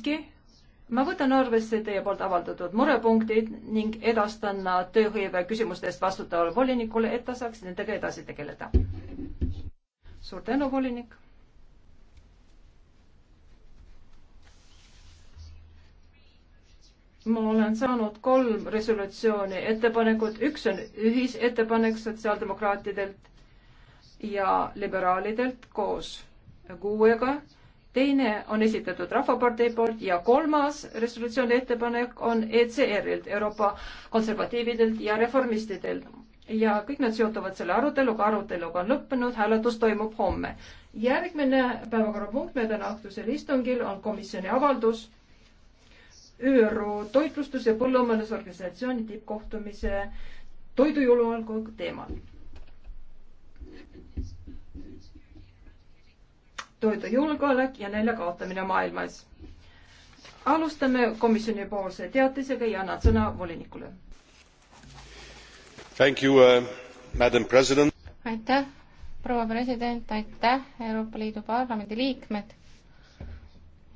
siiski ma võtan arvesse teie poolt avaldatud murepunktid ning edastan nad tööhõive küsimuste eest vastutavale volinikule, et ta saaks nendega edasi tegeleda. suur tänu, volinik. ma olen saanud kolm resolutsiooni ettepanekut, üks on ühisettepanek sotsiaaldemokraatidelt ja liberaalidelt koos kuuega teine on esitatud Rahvapartei poolt ja kolmas resolutsiooni ettepanek on ECR-ilt, Euroopa konservatiividelt ja reformistidelt. ja kõik nad seotuvad selle aruteluga, aruteluga on lõppenud, hääletus toimub homme. järgmine päevakorrapunkt meie täna õhtusel istungil on komisjoni avaldus ÜRO toitlustus- ja põllumajandusorganisatsiooni tippkohtumise toidujulgeoleku teemal toidu julgeolek ja nälja kaotamine maailmas. alustame komisjoni poolse teatisega ja annan sõna volinikule. Uh, aitäh, proua president, aitäh, Euroopa Liidu Parlamendi liikmed.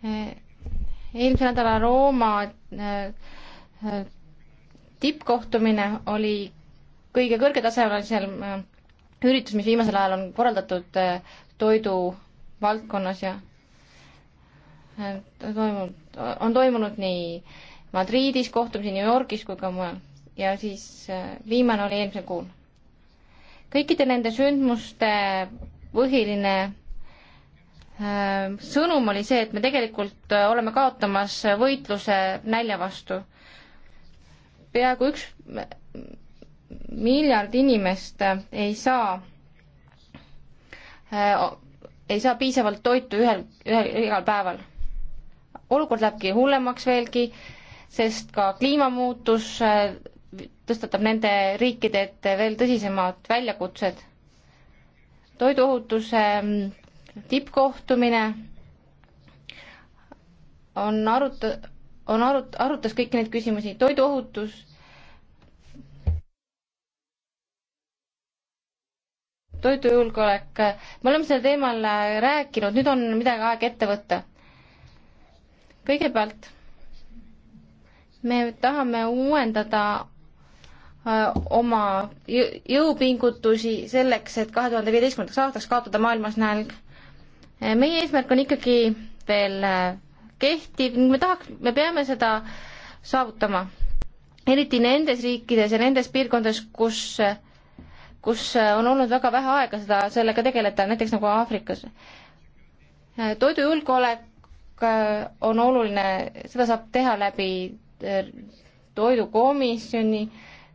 Eh, eelmise nädala Rooma eh, eh, tippkohtumine oli kõige kõrgetasemelisem üritus, mis viimasel ajal on korraldatud toidu valdkonnas ja toimunud, on toimunud nii Madridis kohtumisi, New Yorgis kui ka mujal ja siis äh, viimane oli eelmisel kuul. kõikide nende sündmuste põhiline äh, sõnum oli see, et me tegelikult äh, oleme kaotamas võitluse nälja vastu. peaaegu üks miljard inimest ei saa ei saa piisavalt toitu ühel, ühel, igal päeval. olukord lähebki hullemaks veelgi, sest ka kliimamuutus äh, tõstatab nende riikide ette veel tõsisemad väljakutsed. toiduohutuse ähm, tippkohtumine on arut-, on arut-, arutas kõiki neid küsimusi, toiduohutus toidujulgeolek, me oleme sel teemal rääkinud, nüüd on midagi aeg ette võtta. kõigepealt me tahame uuendada äh, oma jõupingutusi selleks, et kahe tuhande viieteistkümnendaks aastaks kaotada maailmas nälg. Äh, meie eesmärk on ikkagi veel äh, kehtiv, me tahaks, me peame seda saavutama. eriti nendes riikides ja nendes piirkondades, kus kus äh, on olnud väga vähe aega seda, sellega tegeleda, näiteks nagu Aafrikas. Äh, toidujulgeolek äh, on oluline, seda saab teha läbi toidukomisjoni,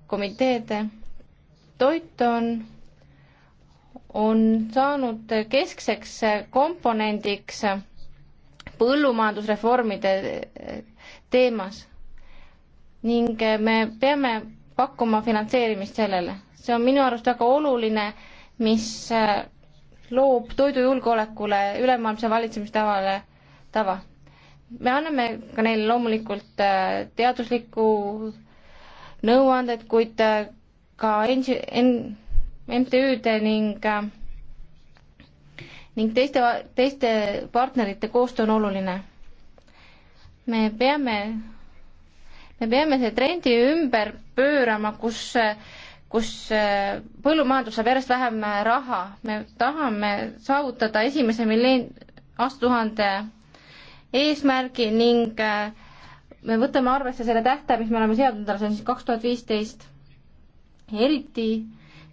komiteede. toit on, on saanud keskseks komponendiks põllumajandusreformide teemas ning me peame pakkuma finantseerimist sellele see on minu arust väga oluline, mis äh, loob toidujulgeolekule ülemaailmse valitsemistavale tava. me anname ka neile loomulikult äh, teaduslikku nõuandeid, kuid äh, ka NG-, N-, MTÜ-de ning ning teiste, teiste partnerite koostöö on oluline. me peame, me peame selle trendi ümber pöörama, kus äh, kus äh, põllumajandus saab järjest vähem äh, raha. me tahame saavutada esimese milleen-, aastatuhande eesmärgi ning äh, me võtame arvesse selle tähtaja, mis me oleme seadnud endale, see on siis kaks tuhat viisteist. eriti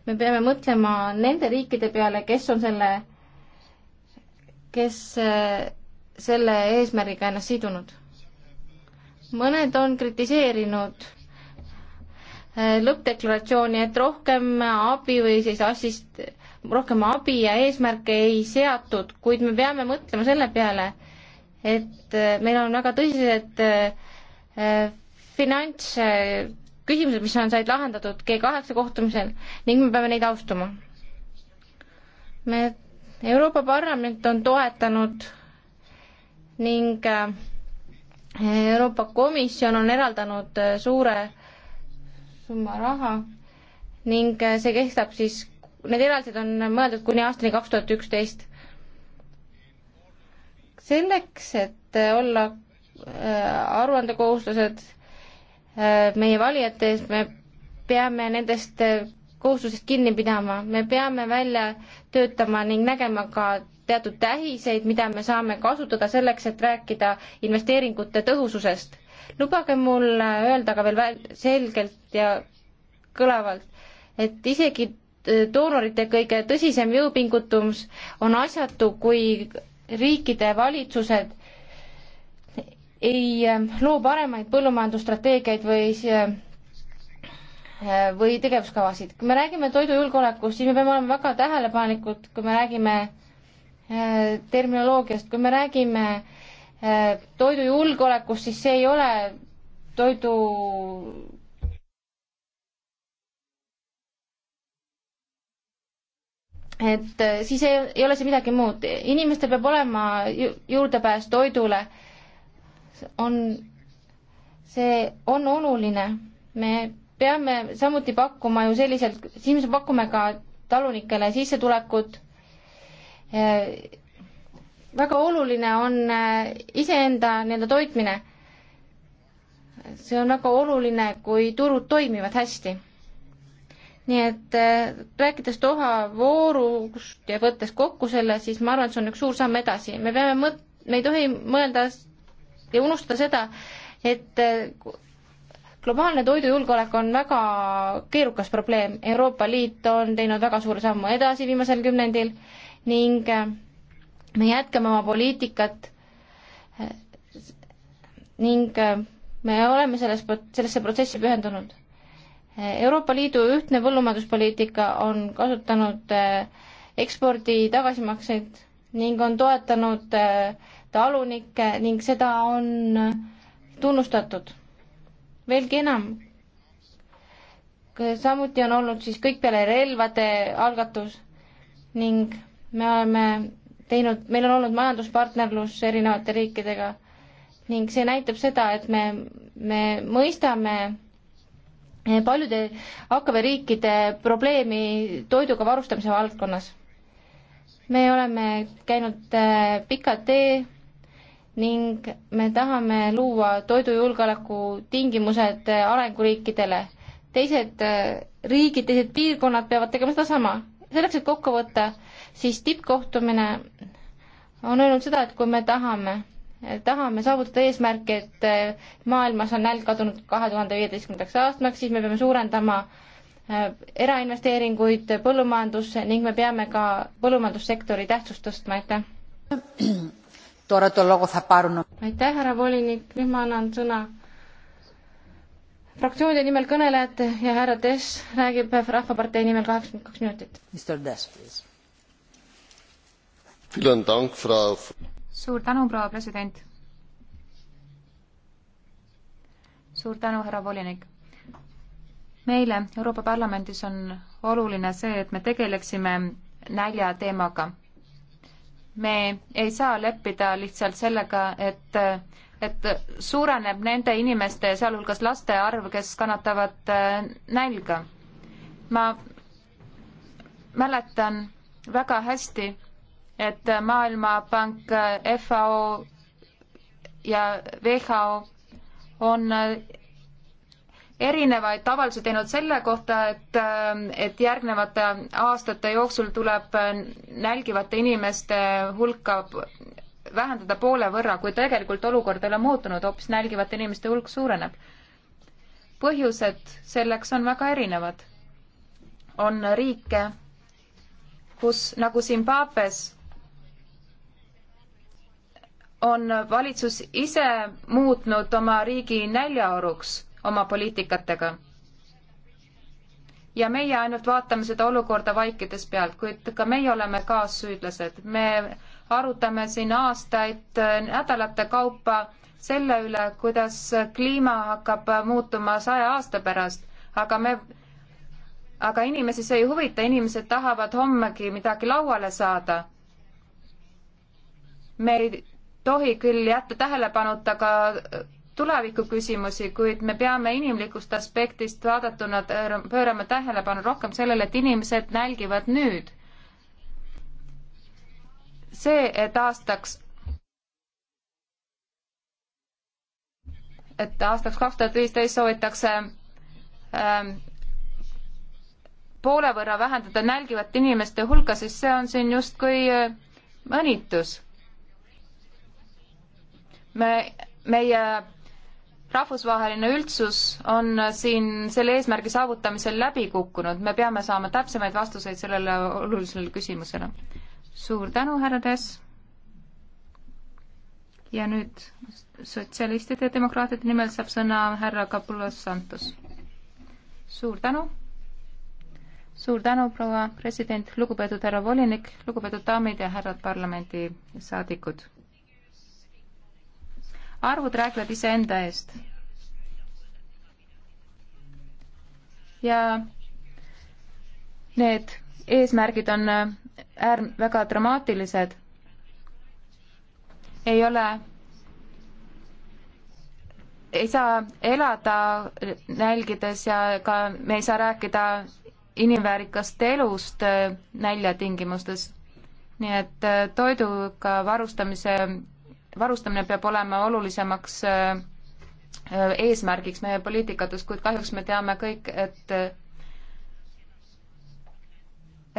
me peame mõtlema nende riikide peale, kes on selle, kes selle eesmärgiga ennast sidunud. mõned on kritiseerinud Äh, lõppdeklaratsiooni, et rohkem abi või siis assist-, rohkem abi ja eesmärke ei seatud, kuid me peame mõtlema selle peale, et äh, meil on väga tõsised äh, finantsküsimused, mis on, said lahendatud G kaheksa kohtumisel ning me peame neid austama. me, Euroopa Parlament on toetanud ning Euroopa Komisjon on eraldanud suure summa raha ning äh, see kestab siis, need eraldised on mõeldud kuni aastani kaks tuhat üksteist. selleks, et äh, olla äh, aruandekohustused meie valijate ees, me peame nendest kohustusest kinni pidama, me peame välja töötama ning nägema ka teatud tähiseid, mida me saame kasutada selleks, et rääkida investeeringute tõhususest lubage mul öelda ka veel selgelt ja kõlavalt, et isegi doonorite kõige tõsisem jõupingutus on asjatu, kui riikide valitsused ei ähm, loo paremaid põllumajandusstrateegiaid või ähm, äh, või tegevuskavasid. kui me räägime toidujulgeolekust, siis me peame olema väga tähelepanelikud, kui me räägime äh, terminoloogiast, kui me räägime äh, Äh, toidujulgeolekust, siis see ei ole toidu et äh, siis ei, ei ole see midagi muud, inimestel peab olema ju, juurdepääs toidule, on, see on oluline, me peame samuti pakkuma ju selliselt, siis me pakume ka talunikele sissetulekut, äh, väga oluline on äh, iseenda nii-öelda toitmine. see on väga oluline, kui turud toimivad hästi. nii et äh, rääkides Doha voorust ja võttes kokku selle, siis ma arvan, et see on üks suur samm edasi. me peame mõt-, me ei tohi mõelda ja unustada seda, et äh, globaalne toidujulgeolek on väga keerukas probleem. Euroopa Liit on teinud väga suure sammu edasi viimasel kümnendil ning me jätkame oma poliitikat ning me oleme selles, sellesse protsessi pühendunud. Euroopa Liidu ühtne põllumajanduspoliitika on kasutanud eh, ekspordi tagasimakseid ning on toetanud eh, talunikke ning seda on tunnustatud. veelgi enam, samuti on olnud siis kõik peale relvade algatus ning me oleme teinud, meil on olnud majanduspartnerlus erinevate riikidega ning see näitab seda, et me, me mõistame eh, paljude AKV riikide probleemi toiduga varustamise valdkonnas. me oleme käinud eh, pika tee ning me tahame luua toidujulgeoleku tingimused eh, arenguriikidele. teised riigid, teised piirkonnad peavad tegema sedasama. selleks, et kokku võtta siis tippkohtumine on öelnud seda, et kui me tahame, tahame saavutada eesmärki, et eh, maailmas on nälg kadunud kahe tuhande viieteistkümnendaks aastaks, siis me peame suurendama eh, erainvesteeringuid põllumajandusse ning me peame ka põllumajandussektori tähtsust tõstma, aitäh. aitäh, härra volinik, nüüd ma annan sõna fraktsioonide nimel kõnelejate ja härra Dess räägib Rahvapartei nimel kaheksakümmend kaks minutit. Mr Dess, please suur tänu, proua president. suur tänu, härra volinik. meile Euroopa Parlamendis on oluline see, et me tegeleksime nälja teemaga. me ei saa leppida lihtsalt sellega, et et suureneb nende inimeste, sealhulgas laste arv, kes kannatavad äh, nälga. ma mäletan väga hästi, et Maailmapank, FAO ja WHO on erinevaid avaldusi teinud selle kohta, et, et järgnevate aastate jooksul tuleb nälgivate inimeste hulka vähendada poole võrra, kui tegelikult olukord ei ole muutunud, hoopis nälgivate inimeste hulk suureneb. põhjused selleks on väga erinevad. on riike, kus nagu Zimbabwe's on valitsus ise muutnud oma riigi näljaoruks oma poliitikatega. ja meie ainult vaatame seda olukorda vaikides pealt, kuid ka meie oleme kaassüüdlased. me arutame siin aastaid, nädalate kaupa selle üle, kuidas kliima hakkab muutuma saja aasta pärast, aga me, aga inimesi see ei huvita, inimesed tahavad hommegi midagi lauale saada. me ei tohi küll jätta tähelepanuta ka tulevikuküsimusi, kuid me peame inimlikust aspektist vaadatuna pöörama tähelepanu rohkem sellele, et inimesed nälgivad nüüd. see, et aastaks et aastaks kaks tuhat viisteist soovitakse ähm, poole võrra vähendada nälgivate inimeste hulka, siis see on siin justkui äh, mõnitus me, meie rahvusvaheline üldsus on siin selle eesmärgi saavutamisel läbi kukkunud, me peame saama täpsemaid vastuseid sellele olulisele küsimusele. suur tänu, härra Tess! ja nüüd sotsialistide ja demokraatide nimel saab sõna härra Kapulas Santos. suur tänu! suur tänu, proua president, lugupeetud härra volinik, lugupeetud daamid ja härrad parlamendisaadikud arvud räägivad iseenda eest. ja need eesmärgid on äärm-, väga dramaatilised. ei ole, ei saa elada nälgides ja ka me ei saa rääkida inimväärikast elust näljatingimustes. nii et toiduga varustamise varustamine peab olema olulisemaks äh, äh, eesmärgiks meie poliitikates, kuid kahjuks me teame kõik, et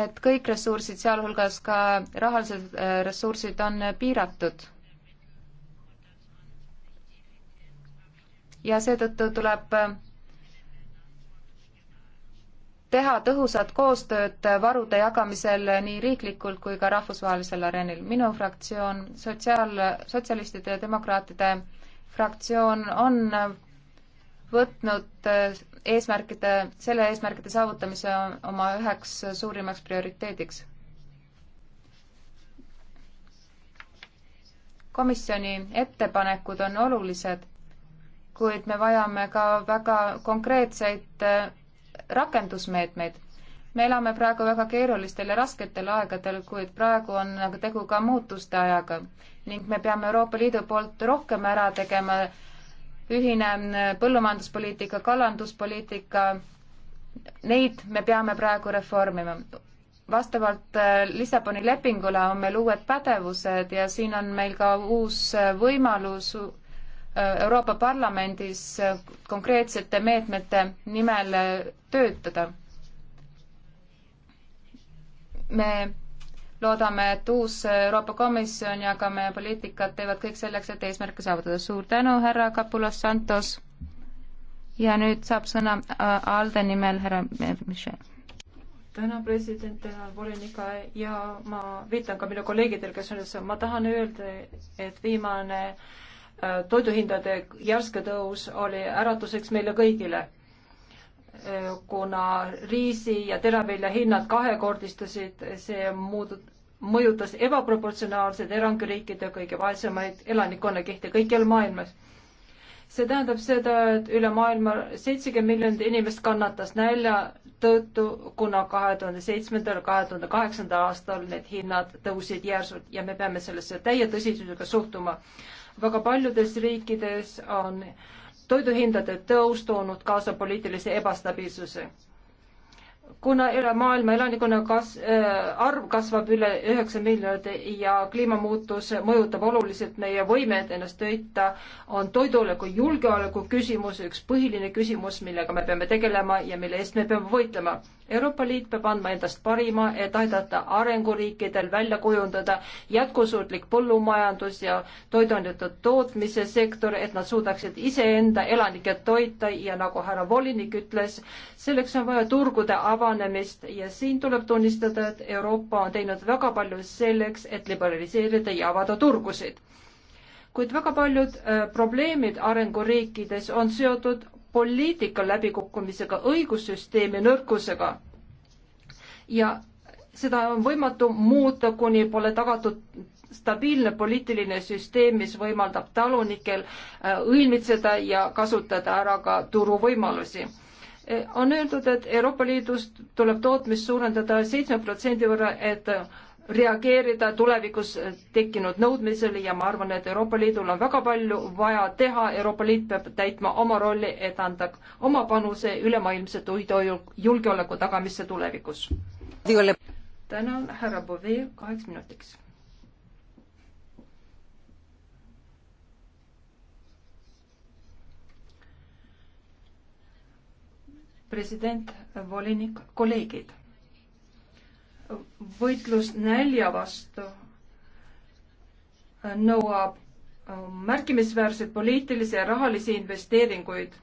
et kõik ressursid, sealhulgas ka rahalised äh, ressursid, on piiratud. ja seetõttu tuleb teha tõhusat koostööd varude jagamisel nii riiklikult kui ka rahvusvahelisel areenil. minu fraktsioon, sotsiaal, sotsialistide ja demokraatide fraktsioon on võtnud äh, eesmärkide, selle eesmärkide saavutamise oma üheks suurimaks prioriteediks. komisjoni ettepanekud on olulised, kuid me vajame ka väga konkreetseid äh, rakendusmeetmeid. me elame praegu väga keerulistel ja rasketel aegadel, kuid praegu on aga tegu ka muutuste ajaga ning me peame Euroopa Liidu poolt rohkem ära tegema ühine põllumajanduspoliitika, kalanduspoliitika, neid me peame praegu reformima. vastavalt äh, Lissaboni lepingule on meil uued pädevused ja siin on meil ka uus äh, võimalus Euroopa Parlamendis konkreetsete meetmete nimel töötada. me loodame, et uus Euroopa Komisjon ja ka meie poliitikad teevad kõik selleks, et eesmärke saavutada. suur tänu, härra Kapulas Santos. ja nüüd saab sõna äh, ALDE nimel härra Michel. tänan president, tänan volinik ja ma viitan ka minu kolleegidel, kes on, ma tahan öelda, et viimane äh, Äh, toiduhindade järske tõus oli äratuseks meile kõigile, äh, kuna riisi ja teravilja hinnad kahekordistusid, see muud-, mõjutas ebaproportsionaalselt erangriikide kõige vaesemaid elanikkonnakihte kõikjal maailmas see tähendab seda, et üle maailma seitsekümmend miljonit inimest kannatas nälja tõttu, kuna kahe tuhande seitsmendal, kahe tuhande kaheksandal aastal need hinnad tõusid järsult ja me peame sellesse täie tõsisusega suhtuma. väga paljudes riikides on toiduhindade tõus toonud kaasa poliitilise ebastabiilsuse kuna üle maailma elanikkonna kas- äh,, arv kasvab üle üheksa miljonit ja kliimamuutus mõjutab oluliselt meie võimet ennast toita, on toiduleku julgeoleku küsimus üks põhiline küsimus, millega me peame tegelema ja mille eest me peame võitlema. Euroopa Liit peab andma endast parima, et aidata arenguriikidel välja kujundada jätkusuutlik põllumajandus ja toiduainete tootmise sektor, et nad suudaksid iseenda elanikke toita ja nagu härra volinik ütles, selleks on vaja turgude avanemist ja siin tuleb tunnistada, et Euroopa on teinud väga palju selleks, et liberaliseerida ja avada turgusid. kuid väga paljud äh, probleemid arenguriikides on seotud poliitika läbikukkumisega, õigussüsteemi nõrkusega. ja seda on võimatu muuta, kuni pole tagatud stabiilne poliitiline süsteem, mis võimaldab talunikel äh, õilmitseda ja kasutada ära ka turuvõimalusi on öeldud, et Euroopa Liidus tuleb tootmist suurendada seitsme protsendi võrra, et reageerida tulevikus tekkinud nõudmisele ja ma arvan, et Euroopa Liidul on väga palju vaja teha, Euroopa Liit peab täitma oma rolli, et anda oma panuse ülemaailmse toidujulgeoleku tagamisse tulevikus. tänan, härra Bovee, kaheks minutiks president, volinik, kolleegid. võitlus nälja vastu äh, nõuab äh, märkimisväärseid poliitilisi ja rahalisi investeeringuid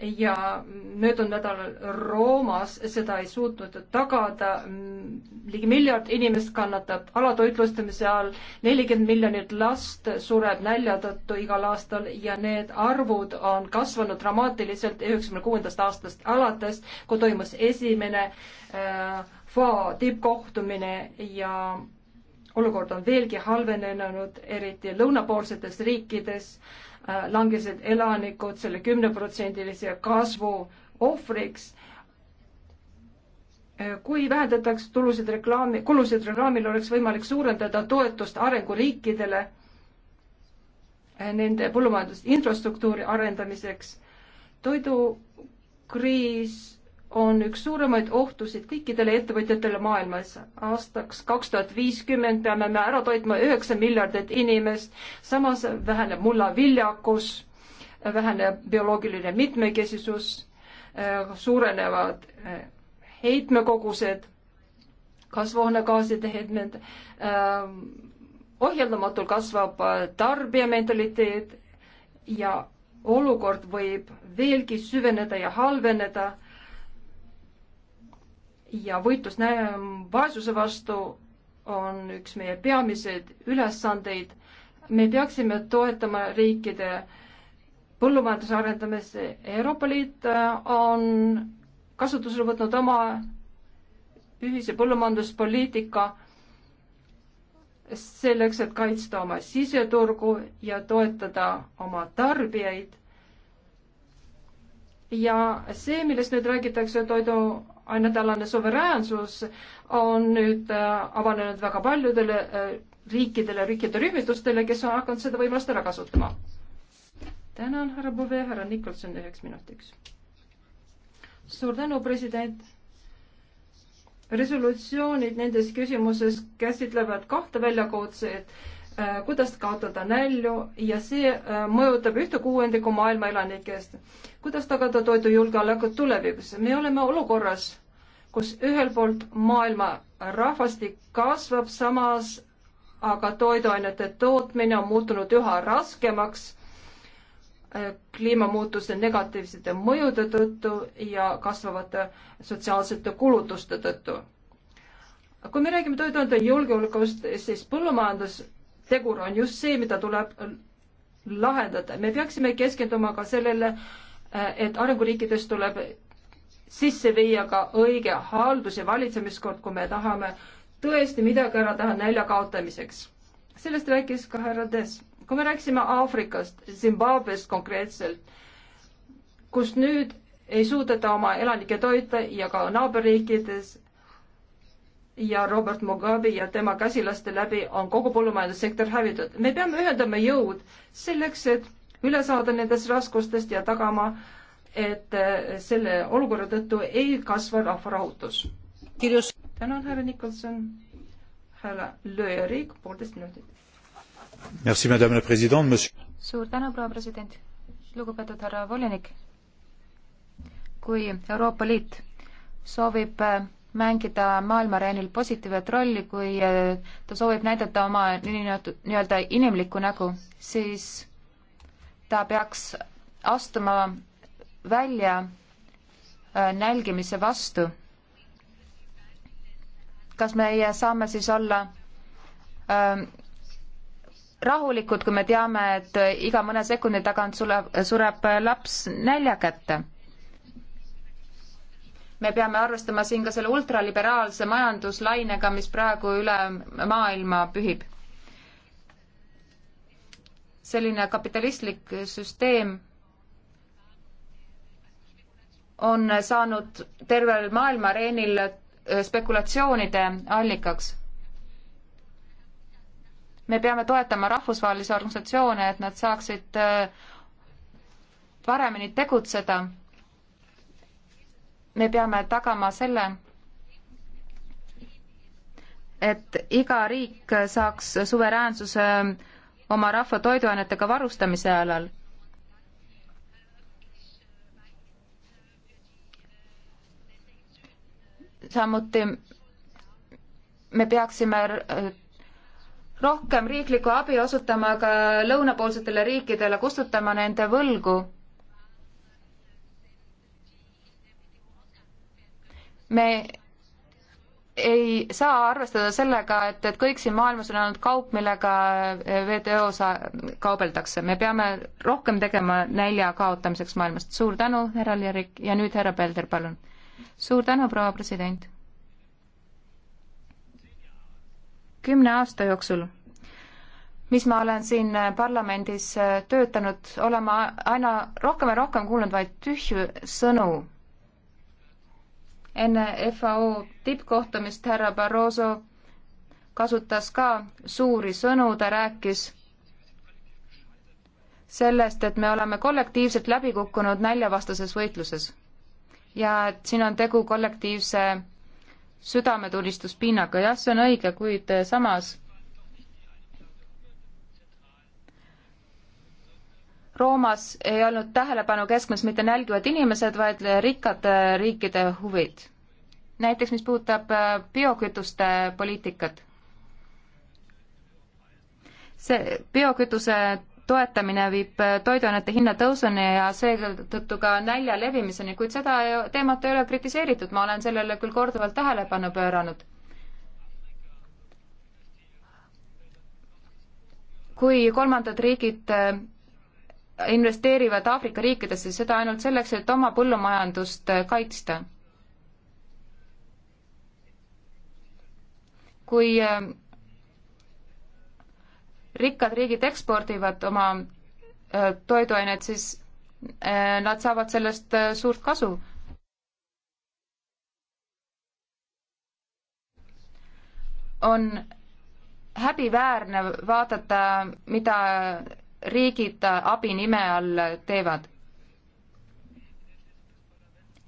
ja möödunud nädalal Roomas seda ei suutnud tagada. ligi miljard inimest kannatab alatoitlustamise all, nelikümmend miljonit last sureb nälja tõttu igal aastal ja need arvud on kasvanud dramaatiliselt üheksakümne kuuendast aastast alates, kui toimus esimene äh, FAO tippkohtumine ja olukord on veelgi halvenenud, eriti lõunapoolsetes riikides äh, langesid elanikud selle kümneprotsendilise kasvu ohvriks. Äh, kui vähendataks tulusid reklaami, kulusid reklaamil, oleks võimalik suurendada toetust arenguriikidele äh, nende põllumajandus infrastruktuuri arendamiseks. toidukriis on üks suuremaid ohtusid kõikidele ettevõtjatele maailmas. aastaks kaks tuhat viiskümmend peame me ära toitma üheksa miljardit inimest, samas väheneb mullaviljakus, väheneb bioloogiline mitmekesisus, eh, suurenevad eh, heitmekogused, kasvuhoonegaaside heitmed, eh, ohjeldamatult kasvab tarbija mentaliteet ja olukord võib veelgi süveneda ja halveneda ja võitlus vaesuse vastu on üks meie peamiseid ülesandeid. me peaksime toetama riikide põllumajanduse arendamist. Euroopa Liit äh, on kasutusele võtnud oma ühise põllumajanduspoliitika selleks, et kaitsta oma siseturgu ja toetada oma tarbijaid. ja see, millest nüüd räägitakse toidu ainetalane suveräänsus on nüüd äh, avanenud väga paljudele äh, riikidele, riikide rühmitustele, kes on hakanud seda võimalust ära kasutama. tänan, härra Bove, härra Nikolson üheks minutiks. suur tänu, president. resolutsioonid nendes küsimuses käsitlevad kahte väljakutset äh, kuidas kaotada nälju ja see mõjutab ühte kuuendikku maailma elanikest. kuidas tagada toidujulgeolekut tulevikus? me oleme olukorras, kus ühelt poolt maailma rahvastik kasvab, samas aga toiduainete tootmine on muutunud üha raskemaks äh, kliimamuutuste negatiivsete mõjude tõttu ja kasvavate sotsiaalsete kulutuste tõttu. kui me räägime toiduainete julgeolekust, siis põllumajandustegur on just see, mida tuleb lahendada. me peaksime keskenduma ka sellele, äh, et arenguriikides tuleb sisse viia ka õige haldus- ja valitsemiskord, kui me tahame tõesti midagi ära teha nälja kaotamiseks. sellest rääkis ka härra Dess. kui me rääkisime Aafrikast, Zimbabwest konkreetselt, kus nüüd ei suudeta oma elanikke toita ja ka naaberriikides ja Robert Mugabe ja tema käsilaste läbi on kogu põllumajandussektor hävitatud. me peame ühendama jõud selleks, et üle saada nendest raskustest ja tagama äh, et eh, selle olukorra tõttu ei kasva rahvarahutus. kirjus. tänan, härra Nikolson. härra Löörik, poolteist minutit. Merci, madame la president, monsieur. suur tänu, proua president. lugupeetud härra volinik. kui Euroopa Liit soovib eh, mängida maailmareenil positiivset rolli, kui eh, ta soovib näidata oma nii-öelda inimlikku nägu, siis ta peaks astuma välja äh, nälgimise vastu. kas meie saame siis olla ähm, rahulikud, kui me teame, et iga mõne sekundi tagant suleb, sureb laps nälja kätte? me peame arvestama siin ka selle ultraliberaalse majanduslainega, mis praegu üle maailma pühib. selline kapitalistlik süsteem on saanud tervel maailma areenil äh, spekulatsioonide allikaks. me peame toetama rahvusvahelisi organisatsioone, et nad saaksid äh, paremini tegutseda. me peame tagama selle, et iga riik saaks suveräänsuse oma rahva toiduainetega varustamise alal samuti me peaksime rohkem riiklikku abi osutama ka lõunapoolsetele riikidele, kustutama nende võlgu. me ei saa arvestada sellega, et, et kõik siin maailmas on ainult kaup, millega WTO-s kaubeldakse. me peame rohkem tegema nälja kaotamiseks maailmast. suur tänu, härra Ljerik ja nüüd härra Pelder, palun suur tänu, proua president. kümne aasta jooksul, mis ma olen siin äh, parlamendis äh, töötanud, olen ma aina rohkem ja rohkem kuulnud vaid tühju sõnu. enne FAO tippkohtumist härra Barroso kasutas ka suuri sõnu, ta rääkis sellest, et me oleme kollektiivselt läbi kukkunud näljavastases võitluses ja et siin on tegu kollektiivse südametunnistuspinnaga, jah, see on õige, kuid eh, samas Roomas ei olnud tähelepanu keskmes mitte nälgivad inimesed, vaid eh, rikkad eh, riikide huvid. näiteks mis puudutab biokütuste poliitikat. see biokütuse toetamine viib äh, toiduainete hinna tõusuni ja seetõttu ka nälja levimiseni, kuid seda teemat ei ole kritiseeritud, ma olen sellele küll korduvalt tähelepanu pööranud. kui kolmandad riigid äh, investeerivad Aafrika riikidesse, seda ainult selleks, et oma põllumajandust äh, kaitsta kui rikkad riigid ekspordivad oma äh, toiduained, siis äh, nad saavad sellest äh, suurt kasu. on häbiväärne vaadata, mida riigid abi nime all teevad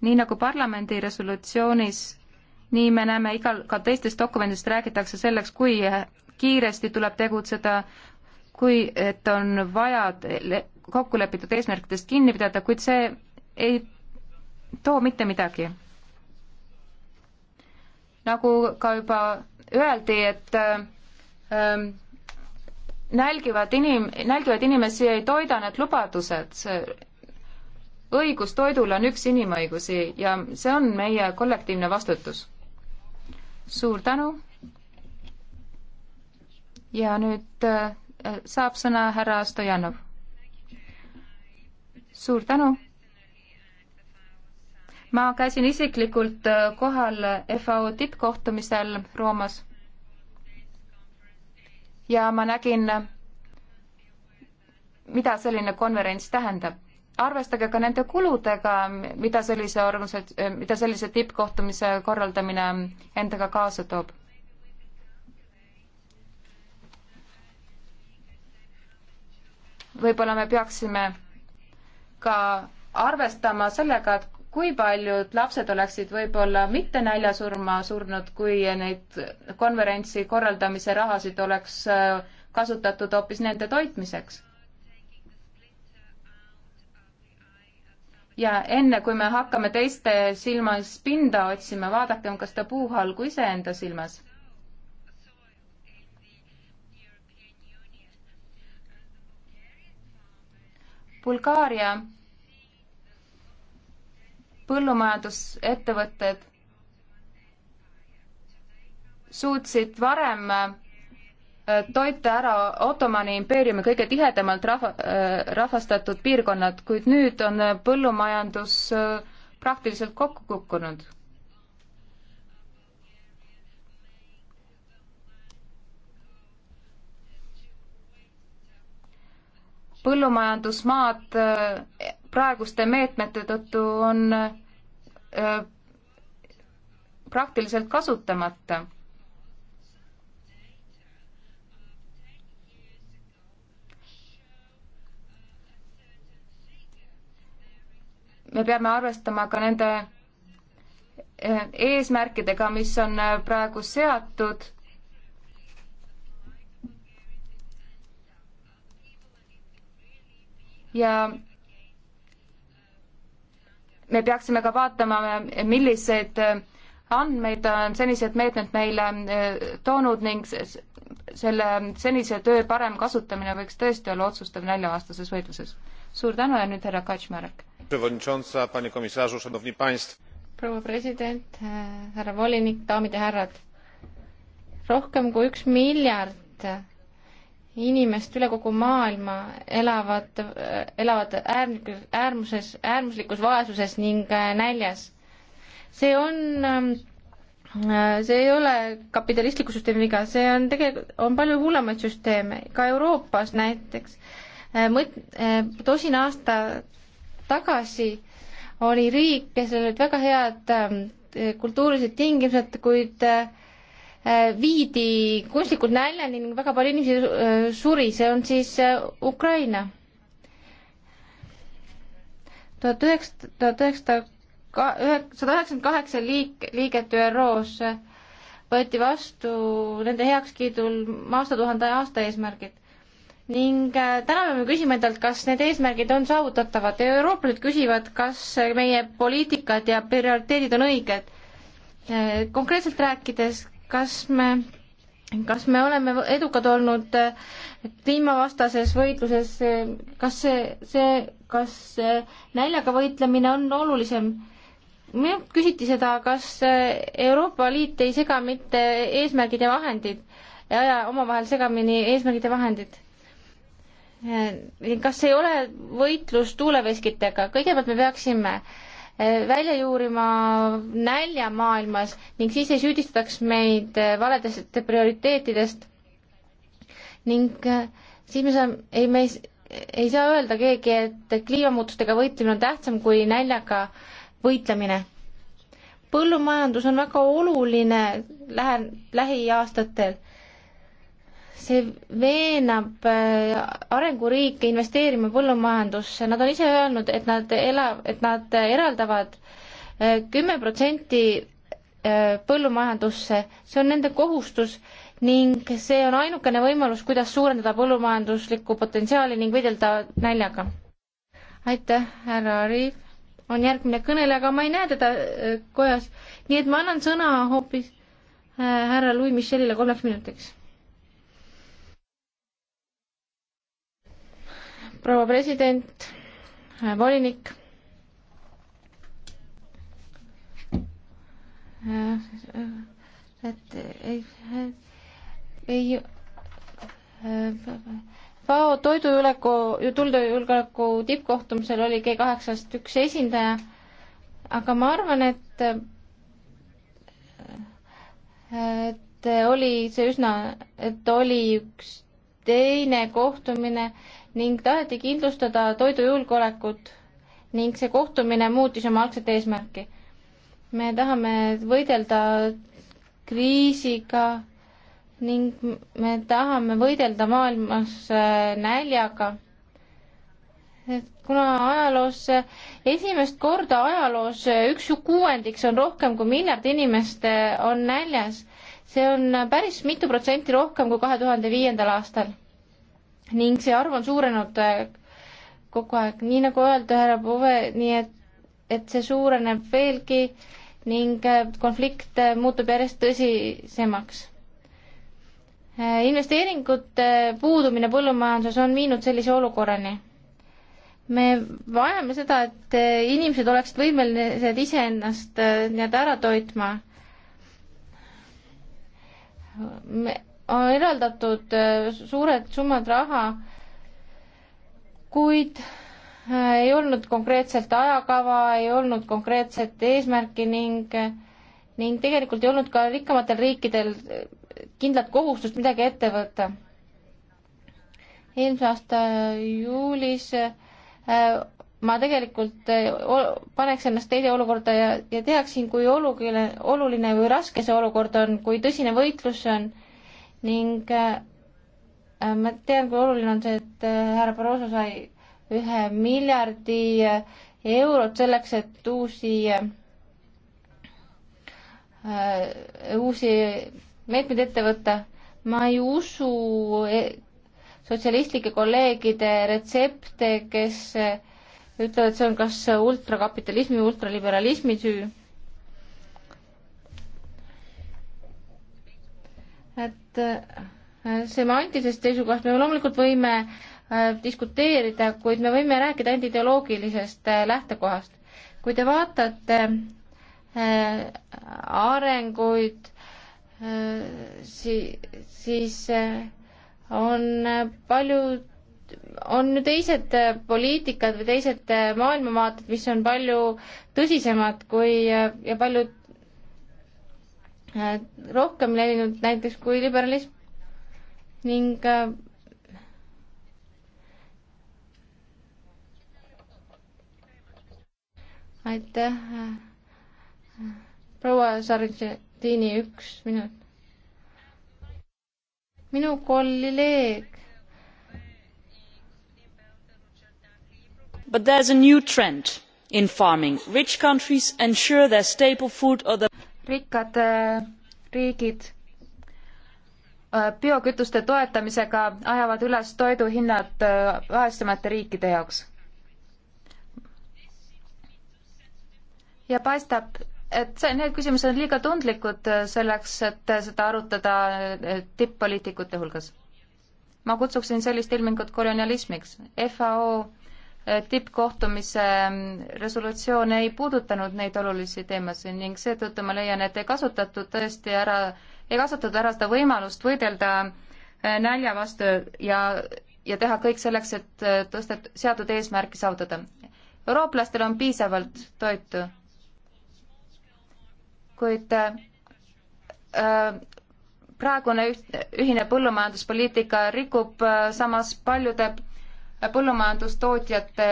nii nagu parlamendi resolutsioonis, nii me näeme igal, ka teistes dokumentides räägitakse selleks, kui kiiresti tuleb tegutseda, kui, et on vaja kokku lepitud eesmärkidest kinni pidada, kuid see ei too mitte midagi. nagu ka juba öeldi, et ähm, nälgivad inim-, nälgivaid inimesi ei toida need lubadused, õigus toidule on üks inimõigusi ja see on meie kollektiivne vastutus. suur tänu! ja nüüd äh, saab sõna härra Stojanov. suur tänu. ma käisin isiklikult äh, kohal FAO tippkohtumisel Roomas ja ma nägin, mida selline konverents tähendab. arvestage ka nende kuludega, mida sellise organisats-, äh, mida sellise tippkohtumise korraldamine endaga kaasa toob võib-olla me peaksime ka arvestama sellega, et kui paljud lapsed oleksid võib-olla mitte näljasurma surnud, kui neid konverentsi korraldamise rahasid oleks äh, kasutatud hoopis nende toitmiseks. ja enne, kui me hakkame teiste silmas pinda otsima, vaadakem, kas ta puuhalgu iseenda silmas Bulgaaria põllumajandusettevõtted suutsid varem äh, toita ära Ottomani impeeriumi kõige tihedamalt rahva, äh, rahvastatud piirkonnad, kuid nüüd on põllumajandus äh, praktiliselt kokku kukkunud põllumajandusmaad äh, praeguste meetmete tõttu on äh, praktiliselt kasutamata. me peame arvestama ka nende äh, eesmärkidega, mis on praegu seatud ja me peaksime ka vaatama, milliseid andmeid on senised meetmed meile e, toonud ning selle senise töö parem kasutamine võiks tõesti olla otsustav näljavastases võitluses. suur tänu ja nüüd härra Kaczmarek. proua president, e, härra volinik, daamid ja härrad. rohkem kui üks miljard inimest üle kogu maailma elavad, elavad äärmikus, äärmuses, äärmuslikus vaesuses ning äh, näljas. see on, ähm, äh, see ei ole kapitalistliku süsteemi viga, see on tegelikult, on palju hullemaid süsteeme, ka Euroopas näiteks. Äh, mõt-, tosin aasta tagasi oli riik, kes olid väga head ähm, kultuurilised tingimused, kuid äh, Äh, viidi kunstlikult näljani ning väga palju inimesi äh, suri, see on siis äh, Ukraina. tuhat üheksasada, tuhat üheksasada sada üheksakümmend kaheksa liik-, liiget ÜRO-s võeti vastu nende heakskiidul aastatuhande aasta eesmärgid. ning täna peame küsima endalt, kas need eesmärgid on saavutatavad ja eurooplased küsivad, kas meie poliitikad ja prioriteedid on õiged. konkreetselt rääkides, kas me kas me oleme edukad olnud eh, kliimavastases võitluses, eh, kas see, see, kas eh, näljaga võitlemine on olulisem? minult küsiti seda, kas Euroopa Liit ei sega mitte eesmärgid ja vahendid, ei aja omavahel segamini eesmärgid ja vahendid. kas ei ole võitlus tuuleveskitega, kõigepealt me peaksime äh, Äh, välja juurima nälja maailmas ning siis ei süüdistataks meid äh, valedest prioriteetidest ning äh, siis me saame, ei, me ei, ei saa öelda keegi, et kliimamuutustega võitlemine on tähtsam kui näljaga võitlemine. põllumajandus on väga oluline lähe, lähiaastatel see veenab äh, arenguriike investeerima põllumajandusse, nad on ise öelnud, et nad ela-, et nad eraldavad äh, kümme protsenti äh, põllumajandusse, see on nende kohustus ning see on ainukene võimalus, kuidas suurendada põllumajanduslikku potentsiaali ning võidelda näljaga. aitäh, härra Arif, on järgmine kõneleja, aga ma ei näe teda kojas, nii et ma annan sõna hoopis härra Louis Michelile kolmeks minutiks proua president, äh, volinik. Äh, äh, et ei, ei FAO toidujulgeoleku, tuldujulgeoleku tippkohtumisel oli G kaheksast üks esindaja, aga ma arvan, et et oli see üsna, et oli üks teine kohtumine, ning taheti kindlustada toidujulgeolekut ning see kohtumine muutis oma algset eesmärki. me tahame võidelda kriisiga ning me tahame võidelda maailmas äh, näljaga. et kuna ajaloos, äh, esimest korda ajaloos äh, üks kuuendiks on rohkem kui miljard inimest on näljas, see on päris mitu protsenti rohkem kui kahe tuhande viiendal aastal ning see arv on suurenud äh, kogu aeg, nii nagu öelda härra Pove, nii et, et see suureneb veelgi ning äh, konflikt äh, muutub järjest tõsisemaks. investeeringute puudumine põllumajanduses on viinud sellise olukorrani. me vajame seda, et inimesed oleksid võimelised iseennast nii-öelda ära toitma. me on eraldatud äh, suured summad raha, kuid äh, ei olnud konkreetset ajakava, ei olnud konkreetset eesmärki ning, äh, ning tegelikult ei olnud ka rikkamatel riikidel kindlat kohustust midagi ette võtta. eelmise aasta juulis ma tegelikult paneks ennast teise olukorda ja, ja teaksin, kui oluline, oluline või raske see olukord on, kui tõsine võitlus see on ning äh, ma tean, kui oluline on see, et äh, härra Barroso sai ühe miljardi äh, eurot selleks, et uusi, uusi meetmeid ette võtta. ma ei usu e, sotsialistlike kolleegide retsepte, kes ütlevad, et see on kas ultrakapitalismi, ultraliberalismi süü et äh, semantilisest seisukohast me loomulikult võime äh, diskuteerida, kuid me võime rääkida ainult ideoloogilisest äh, lähtekohast. kui te vaatate arenguid, siis on palju, on ju teised poliitikad või teised maailmavaated, mis on palju tõsisemad kui ja paljud Äh, rohkem levinud näiteks kui liberalism ning äh, aitäh, äh, proua Sargentini, üks minut. minu kolleeg. But there is a new trend in farming. Rich countries ensure their staple food or the rikkad äh, riigid äh, biokütuste toetamisega ajavad üles toiduhinnad vaesemate äh, riikide jaoks. ja paistab, et see, need küsimused on liiga tundlikud selleks, et seda arutada tipp-poliitikute hulgas. ma kutsuksin sellist ilmingut kolonialismiks. FAO tippkohtumise resolutsioon ei puudutanud neid olulisi teemasid ning seetõttu ma leian, et ei kasutatud tõesti ära, ei kasutatud ära seda võimalust võidelda äh, nälja vastu ja, ja teha kõik selleks, et äh, tõstet-, seatud eesmärki saavutada. eurooplastel on piisavalt toitu, kuid äh, äh praegune üht-, ühine põllumajanduspoliitika rikub äh, samas paljude äh, põllumajandustootjate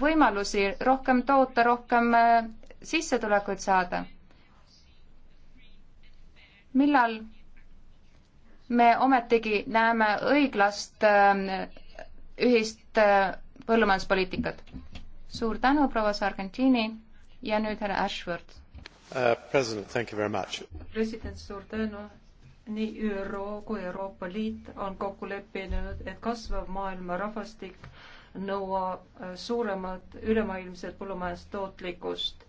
võimalusi rohkem toota, rohkem sissetulekuid saada. millal me ometigi näeme õiglast ühist põllumajanduspoliitikat? suur tänu, proua Sargentini ja nüüd härra Ashford uh,. president, president, suur tänu nii ÜRO kui Euroopa Liit on kokku leppinud, et kasvav maailma rahvastik nõuab äh, suuremat ülemaailmset põllumajandustootlikkust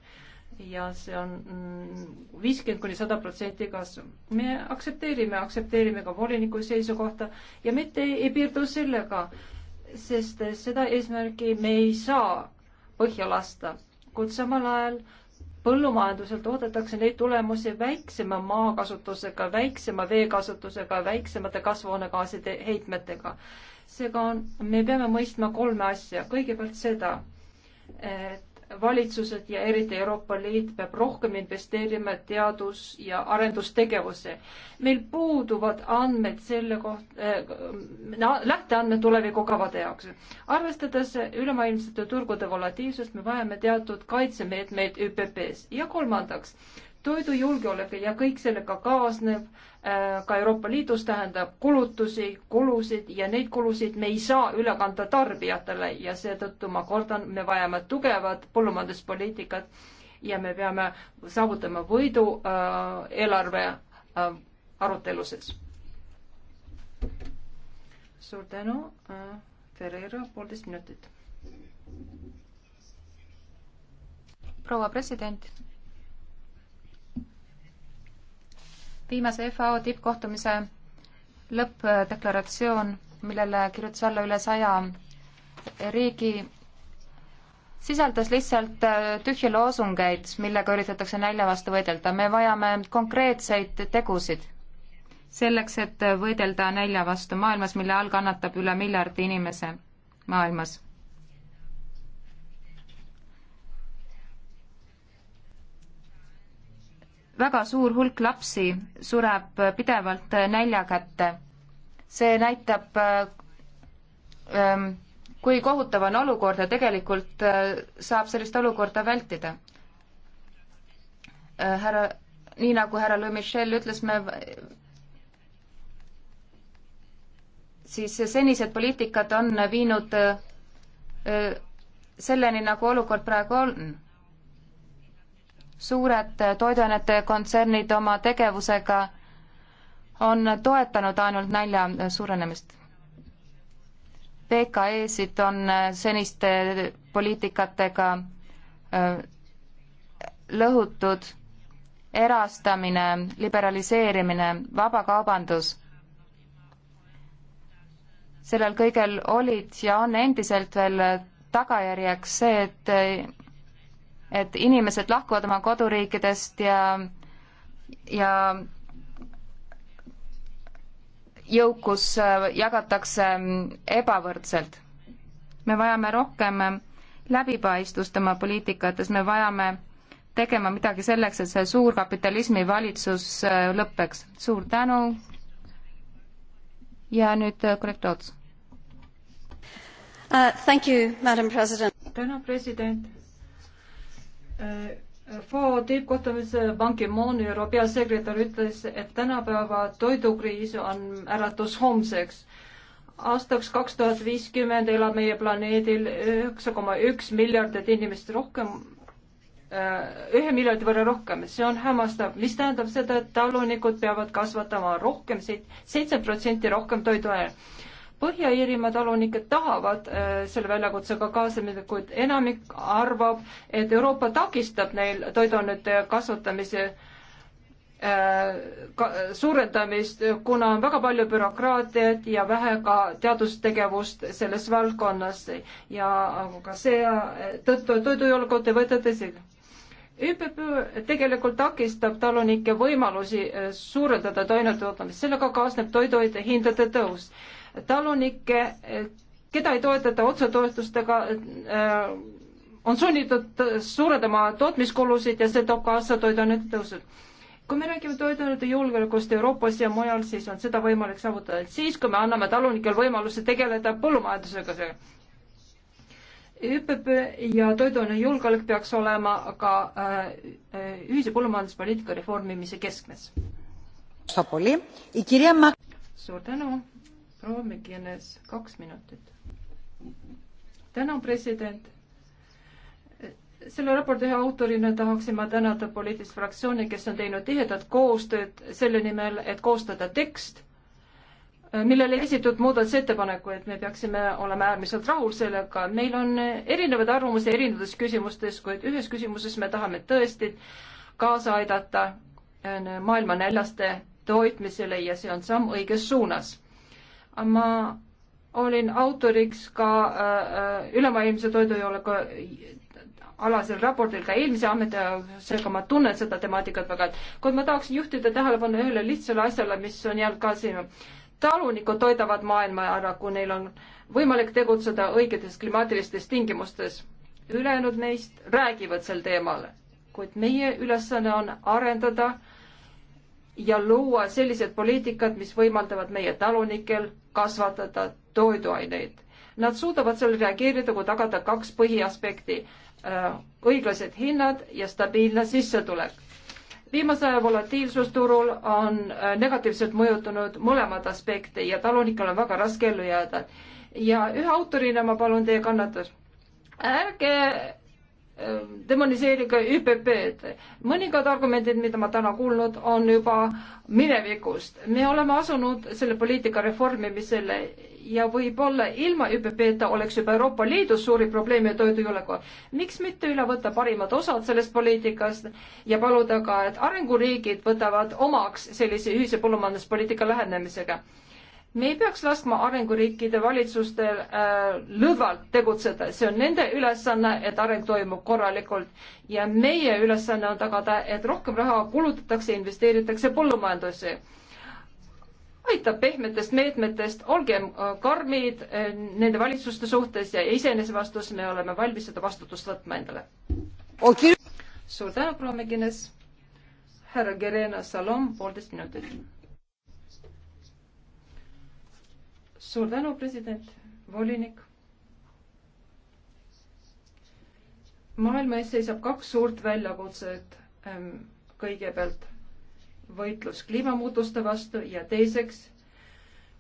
ja see on mm, viiskümmend kuni sada protsenti kasv. me aktsepteerime, aktsepteerime ka voliniku seisukohta ja mitte ei piirdu sellega, sest seda eesmärki me ei saa põhja lasta, kuid samal ajal äh, põllumajandusel toodetakse neid tulemusi väiksema maakasutusega, väiksema veekasutusega, väiksemate kasvuhoonegaaside heitmetega. seega on, me peame mõistma kolme asja. kõigepealt seda, et valitsused ja eriti Euroopa Liit peab rohkem investeerima teadus- ja arendustegevuse. meil puuduvad andmed selle kohta äh,, lähteandmed tulevikukavade jaoks. arvestades ülemaailmsete turgude volatiilsust, me vajame teatud kaitsemeetmeid ÜPP-s ja kolmandaks, toidujulgeolek ja kõik sellega kaasnev Äh, ka Euroopa Liidus tähendab kulutusi, kulusid ja neid kulusid me ei saa üle kanda tarbijatele ja seetõttu ma kordan, me vajame tugevat põllumajanduspoliitikat ja me peame saavutama võidu äh, eelarve äh, aruteluses. suur tänu äh,, Ferreira, poolteist minutit. proua president viimase FAO tippkohtumise lõppdeklaratsioon, millele kirjutas alla üle saja riigi, sisaldas lihtsalt äh, tühje loosungeid, millega üritatakse nälja vastu võidelda. me vajame konkreetseid tegusid selleks, et võidelda nälja vastu maailmas, mille all kannatab üle miljardi inimese maailmas väga suur hulk lapsi sureb pidevalt nälja kätte. see näitab, ähm, kui kohutav on olukord ja tegelikult äh, saab sellist olukorda vältida. Äh, härra, nii nagu härra Louis Michel ütles, me siis senised poliitikad on viinud äh, selleni, nagu olukord praegu on suured toiduainete kontsernid oma tegevusega on toetanud ainult nälja suurenemist. VKE-sid on seniste poliitikatega äh, lõhutud, erastamine, liberaliseerimine, vabakaubandus. sellel kõigel olid ja on endiselt veel tagajärjeks see, et et inimesed lahkuvad oma koduriikidest ja, ja jõukus äh, jagatakse mm, ebavõrdselt. me vajame rohkem mm, läbipaistvust oma poliitikates, me vajame tegema midagi selleks, et see suurkapitalismi valitsus äh, lõpeks. suur tänu. ja nüüd äh, kolleeg Toots uh,. Thank you, madam president. tänu, president FAO tippkohtumisel Ban Ki-moon, ÜRO peasekretär, ütles, et tänapäeva toidukriis on äratus homseks. aastaks kaks tuhat viiskümmend elab meie planeedil üheksa koma üks miljardit inimest rohkem, äh, ühe miljardi võrra rohkem, see on hämmastav, mis tähendab seda, et talunikud peavad kasvatama rohkem, seitse protsenti rohkem toiduaine Põhja-Iirimaa talunikud tahavad äh, selle väljakutsega kaasa minna, kuid enamik arvab, et Euroopa takistab neil toiduainete kasvatamise äh, ka, suurendamist, kuna on väga palju bürokraatiat ja vähe ka teadustegevust selles valdkonnas ja ka see äh, tõttu toidujulgeolekut ei võta tõsiselt ÜPP tegelikult takistab talunike võimalusi suurendada toidutootmist, sellega kaasneb toiduainete hindade tõus talunikke, keda ei toetata otsetoetustega, äh, on sunnitud suurendama tootmiskulusid ja see toob kaasa toiduainete tõusud. kui me räägime toiduainete julgeolekust Euroopas ja mujal, siis on seda võimalik saavutada siis, kui me anname talunikele võimaluse tegeleda põllumajandusega, ÜPP ja toiduaine julgeolek peaks olema ka äh, ühise põllumajanduspoliitika reformimise keskmes. suur tänu proua Mikines, kaks minutit. tänan, president. selle raporti ühe autorina tahaksin ma tänada poliitilist fraktsiooni, kes on teinud tihedat koostööd selle nimel, et koostada tekst, millele esitatud muudatusettepanekuid, me peaksime olema äärmiselt rahul sellega. meil on erinevaid arvamusi erinevates küsimustes, kuid ühes küsimuses me tahame tõesti kaasa aidata maailma näljaste toitmisele ja see on samm õiges suunas ma olin autoriks ka äh, äh ülemaailmse toidujooleku alasel raportil ka eelmise ametiaja, seega ma tunnen seda temaatikat väga, et kuid ma tahaksin juhtida tähelepanu ühele lihtsale asjale, mis on jäänud ka siin. talunikud toidavad maailma ära, kui neil on võimalik tegutseda õigetes klimaatilistes tingimustes. ülejäänud neist räägivad sel teemal, kuid meie ülesanne on arendada äh, ja luua sellised poliitikad, mis võimaldavad meie talunikel kasvatada toiduaineid. Nad suudavad seal reageerida, kui tagada kaks põhiaspekti, äh, õiglased hinnad ja stabiilne sissetulek. viimase aja volatiilsus turul on äh, negatiivselt mõjutanud mõlemad aspekti ja talunikel on väga raske ellu jääda. ja ühe autorina ma palun teie kannatust. ärge Ähm, demoniseerige ÜPP-d. mõningad argumendid, mida ma täna kuulnud, on juba minevikust. me oleme asunud selle poliitika reformimisele ja võib-olla ilma ÜPP-ta oleks juba Euroopa Liidus suuri probleeme toidujulgeolekuga. miks mitte üle võtta parimad osad sellest poliitikast ja paluda ka, et arenguriigid võtavad omaks sellise ühise põllumajanduspoliitika lähenemisega me ei peaks laskma arenguriikide valitsustel äh, lõdvalt tegutseda, see on nende ülesanne, et areng toimub korralikult ja meie ülesanne on tagada, et rohkem raha kulutatakse, investeeritakse põllumajandusse. aitab pehmetest meetmetest, olgem äh, karmid äh, nende valitsuste suhtes ja iseenese vastus, me oleme valmis seda vastutust võtma endale okay.. suur tänu, proua Megines. härra Gerena Salom, poolteist minutit suur tänu, president, volinik. maailma ees seisab kaks suurt väljakutset. Ähm, kõigepealt võitlus kliimamuutuste vastu ja teiseks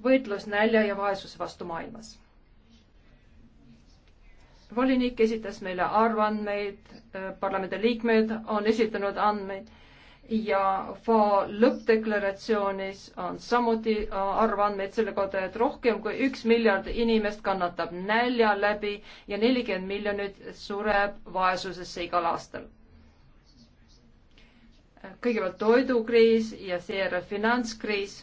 võitlus nälja ja vaesuse vastu maailmas. volinik esitas meile arvandmeid, äh, parlamendi liikmed on esitanud andmeid ja FAO lõppdeklaratsioonis on samuti äh, arvandmeid selle kohta, et rohkem kui üks miljard inimest kannatab nälja läbi ja nelikümmend miljonit sureb vaesusesse igal aastal. kõigepealt toidukriis ja seejärel finantskriis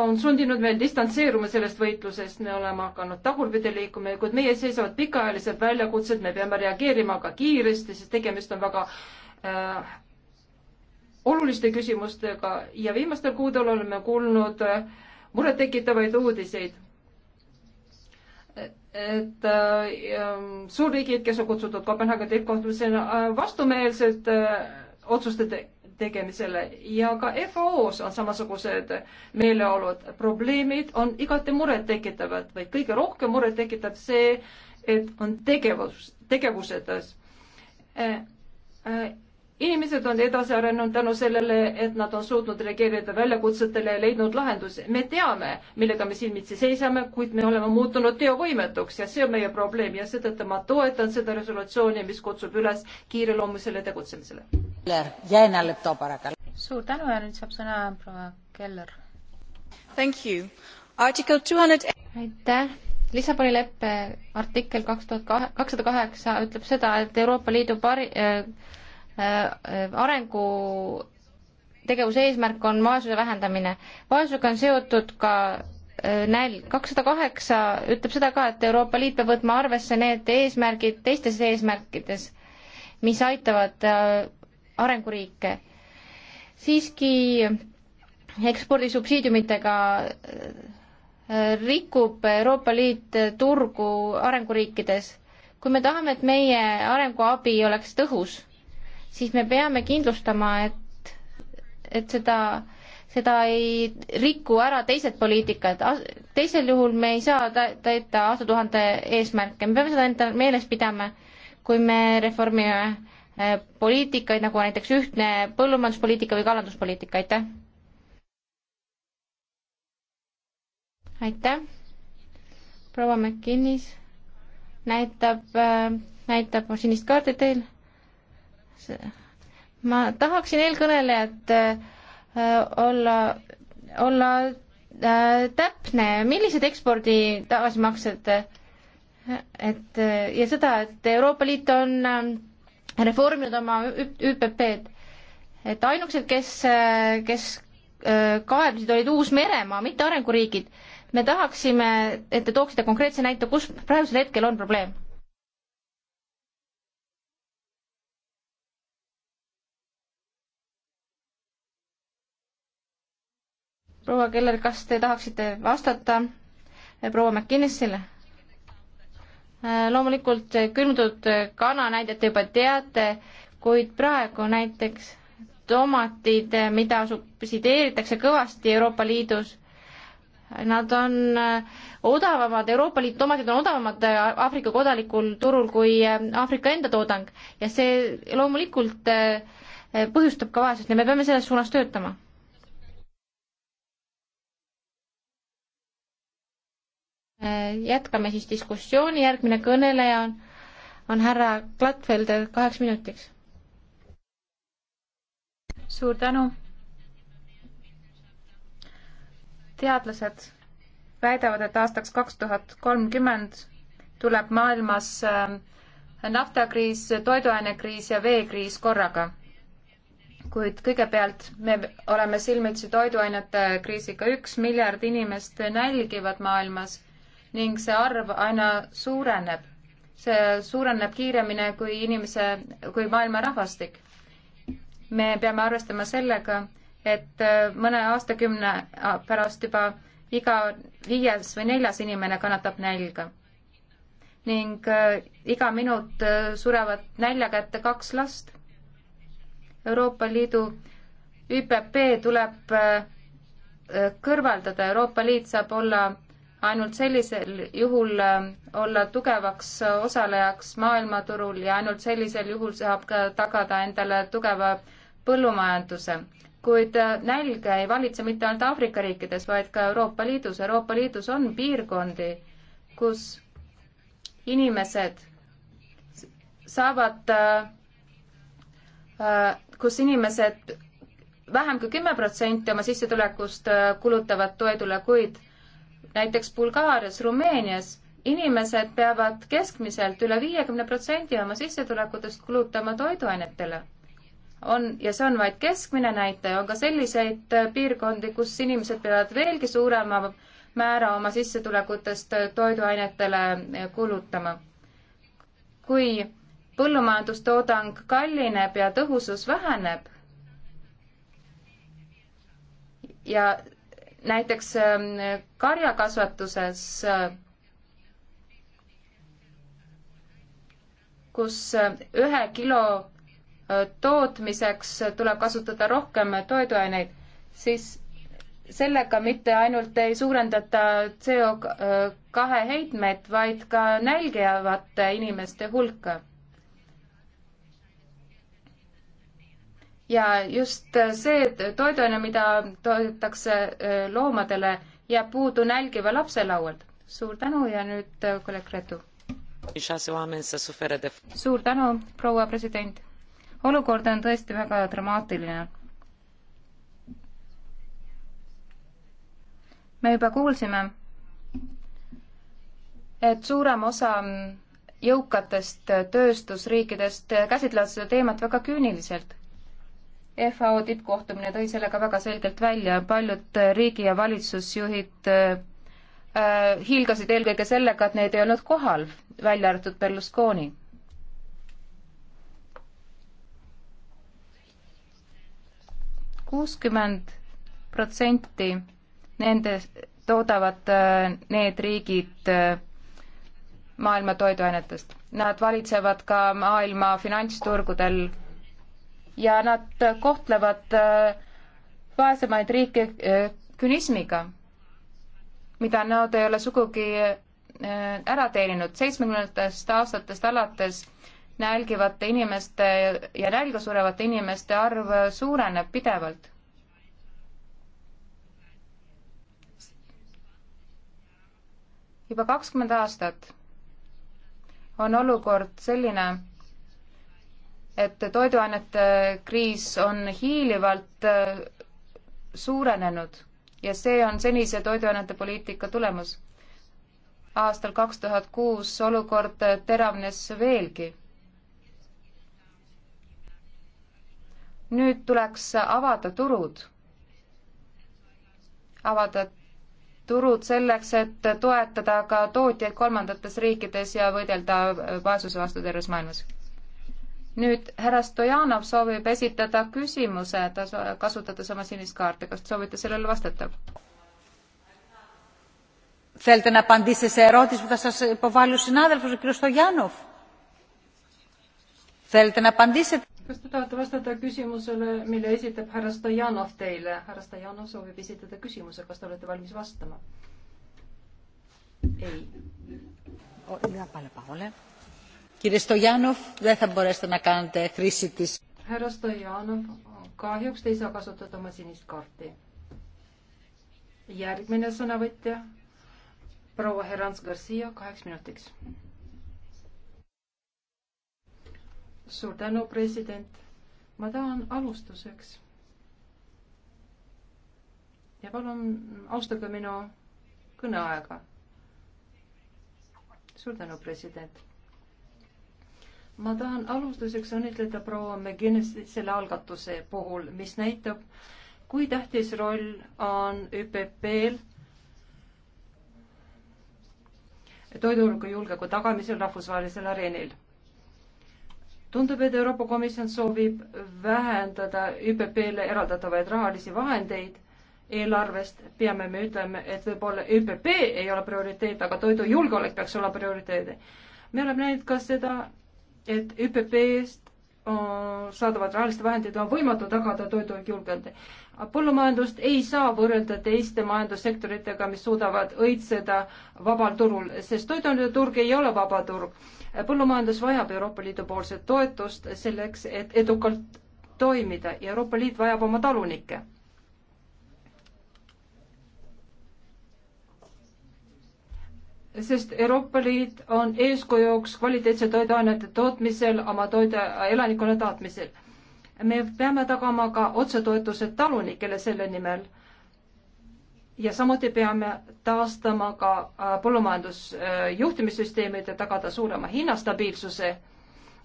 on sundinud meil distantseeruma sellest võitlusest, me oleme hakanud tagurpidi liikuma, kuid meie seisavad pikaajalised väljakutsed, me peame reageerima ka kiiresti, sest tegemist on väga äh, oluliste küsimustega ja viimastel kuudel oleme kuulnud äh, murettekitavaid uudiseid. et äh, ähm, suurriigid, kes on kutsutud Kopenhaageni tippkohtumisele äh, vastumeelselt äh, otsustada tegemisele ja ka FAO-s on samasugused meeleolud. probleemid on igati murettekitavad, vaid kõige rohkem muret tekitab see, et on tegevus, tegevusedes äh,. Äh, inimesed on edasi arenenud tänu sellele, et nad on suutnud reageerida väljakutsetele ja leidnud lahendusi. me teame, millega me silmitsi seisame, kuid me oleme muutunud teovõimetuks ja see on meie probleem ja seetõttu ma toetan seda resolutsiooni, mis kutsub üles kiireloomulisele tegutsemisele. suur tänu ja nüüd saab sõna proua Keller. aitäh Lissaboni leppe artikkel kaks tuhat kahe, kakssada kaheksa ütleb seda, et Euroopa Liidu pari- äh,, arengu tegevuse eesmärk on vaesuse vähendamine. vaesusega on seotud ka äh, nälg. kakssada kaheksa ütleb seda ka, et Euroopa Liit peab võtma arvesse need eesmärgid teistes eesmärkides, mis aitavad äh, arenguriike. siiski ekspordisubsiidiumitega äh, rikub Euroopa Liit turgu arenguriikides. kui me tahame, et meie arenguabi oleks tõhus siis me peame kindlustama, et, et seda, seda ei riku ära teised poliitikad. teisel juhul me ei saa täita aastatuhande eesmärke, me peame seda endale meeles pidama, kui me reformime eh, poliitikaid, nagu näiteks ühtne põllumajanduspoliitika või kalanduspoliitika, aitäh! aitäh! proua McKinnis näitab, eh, näitab sinist kaarti teil ma tahaksin eelkõnelejat äh, olla, olla äh, täpne, millised ekspordi tagasimaksed, äh, et ja seda, et Euroopa Liit on reforminud oma ÜPP-d, et ainukesed, kes, kes kaebasid, olid Uus-Meremaa, mitte arenguriigid. me tahaksime, et te tooksite konkreetse näite, kus praegusel hetkel on probleem proua Keller, kas te tahaksite vastata eh, proua McKinnisele? Eh, loomulikult eh, külmutatud kana näidet te juba teate, kuid praegu näiteks tomatid, mida subsideeritakse kõvasti Euroopa Liidus, nad on odavamad, Euroopa Liidu tomatid on odavamad Aafrika kodanikul turul kui Aafrika enda toodang ja see loomulikult põhjustab ka vaesust ja me peame selles suunas töötama Äh, jätkame siis diskussiooni, järgmine kõneleja on, on härra Klatfelder kaheks minutiks. suur tänu. teadlased väidavad, et aastaks kaks tuhat kolmkümmend tuleb maailmas äh, naftakriis, toiduainekriis ja veekriis korraga. kuid kõigepealt me oleme silmitsi toiduainete kriisiga, üks miljard inimest nälgivad maailmas ning see arv aina suureneb. see suureneb kiiremini kui inimese, kui maailma rahvastik. me peame arvestama sellega, et äh, mõne aastakümne pärast juba iga viies või neljas inimene kannatab nälga. ning äh, iga minut äh, surevad nälja kätte kaks last. Euroopa Liidu ÜPP tuleb kõrvaldada, Euroopa Liit saab olla ainult sellisel juhul ähm, olla tugevaks äh, osalejaks maailmaturul ja ainult sellisel juhul saab ka tagada endale tugeva põllumajanduse. kuid äh, nälg ei valitse mitte ainult Aafrika riikides, vaid ka Euroopa Liidus. Euroopa Liidus on piirkondi, kus inimesed saavad, äh, kus inimesed vähem kui kümme protsenti oma sissetulekust kulutavad toidule, kuid näiteks Bulgaarias, Rumeenias inimesed peavad keskmiselt üle viiekümne protsendi oma sissetulekutest kulutama toiduainetele. on, ja see on vaid keskmine näitaja, on ka selliseid äh, piirkondi, kus inimesed peavad veelgi suurema määra oma sissetulekutest äh, toiduainetele äh, kulutama. kui põllumajandustoodang kallineb ja tõhusus väheneb ja näiteks ähm, karjakasvatuses, äh, kus äh, ühe kilo äh, tootmiseks tuleb kasutada rohkem toiduaineid, siis sellega mitte ainult ei suurendata CO kahe heitmeid, vaid ka nälgijäävate inimeste hulka ja just äh, see toiduaine, mida toodetakse äh, loomadele, jääb puudu nälgiva lapse laualt. suur tänu ja nüüd äh, kolleeg Retu. suur tänu, proua president. olukord on tõesti väga dramaatiline. me juba kuulsime, et suurem osa jõukatest tööstusriikidest käsitlevad seda teemat väga küüniliselt FAO tippkohtumine tõi sellega väga selgelt välja, paljud riigi- ja valitsusjuhid äh, hiilgasid eelkõige sellega, et neid ei olnud kohal, välja arvatud Berlusconi kuuskümmend protsenti nende toodavad äh, need riigid äh, maailma toiduainetest. Nad valitsevad ka maailma finantsturgudel ja nad kohtlevad äh, vaesemaid riike äh, künismiga, mida nad ei ole sugugi äh, ära teeninud. seitsmekümnendatest aastatest alates nälgivate inimeste ja nälga surevate inimeste arv suureneb pidevalt juba kakskümmend aastat on olukord selline, et toiduainete kriis on hiilivalt äh, suurenenud ja see on senise toiduainete poliitika tulemus. aastal kaks tuhat kuus olukord äh, teravnes veelgi. nüüd tuleks avada turud, avada turud selleks, et toetada ka tootjaid kolmandates riikides ja võidelda äh, vaesuse vastu terves maailmas nüüd härra Stojanov soovib esitada küsimuse, ta kasutades oma sinist kaarti, kas te soovite sellele vastata? Θέλετε να απαντήσετε σε ερώτηση που θα σας υποβάλει ο συνάδελφος, ο κ. Στογιάννοφ. Θέλετε να απαντήσετε. Kas te tahate vastata küsimusele, mille esitab härra Stojanov teile? Härra Stojanov soovib esitada küsimuse, kas te olete valmis vastama? Ei. Ole hyvä, Palle Paule härra Stojanov, kahjuks te ei saa kasutada oma sinist kaarti. järgmine sõnavõtja, proua Herans Garcia, kaheks minutiks. suur tänu, president. ma tahan alustuseks ja palun austage minu kõneaega. suur tänu, president ma tahan alustuseks õnnitleda proua McGinnistit selle algatuse puhul, mis näitab, kui tähtis roll on ÜPP-l toidujulgeoleku julgeoleku tagamisel rahvusvahelisel areenil. tundub, et Euroopa Komisjon soovib vähendada ÜPP-le eraldatavaid rahalisi vahendeid eelarvest, peame me ütlema, et võib-olla ÜPP ei ole prioriteet, aga toidujulgeolek peaks olema prioriteet. me oleme näinud ka seda, et ÜPP-st saadavad rahalised vahendid on võimatu tagada toidujulgeolekut. põllumajandust ei saa võrrelda teiste majandussektoritega, mis suudavad õitseda vabal turul, sest toiduturg ei ole vaba turg. põllumajandus vajab Euroopa Liidu poolset toetust selleks, et edukalt toimida ja Euroopa Liit vajab oma talunikke sest Euroopa Liit on eeskujuks kvaliteetse toiduainete tootmisel, oma toidu elanikkonna taotmisel. me peame tagama ka otsetoetused talunikele selle nimel. ja samuti peame taastama ka äh, põllumajandusjuhtimissüsteemid äh, ja tagada suurema hinnastabiilsuse,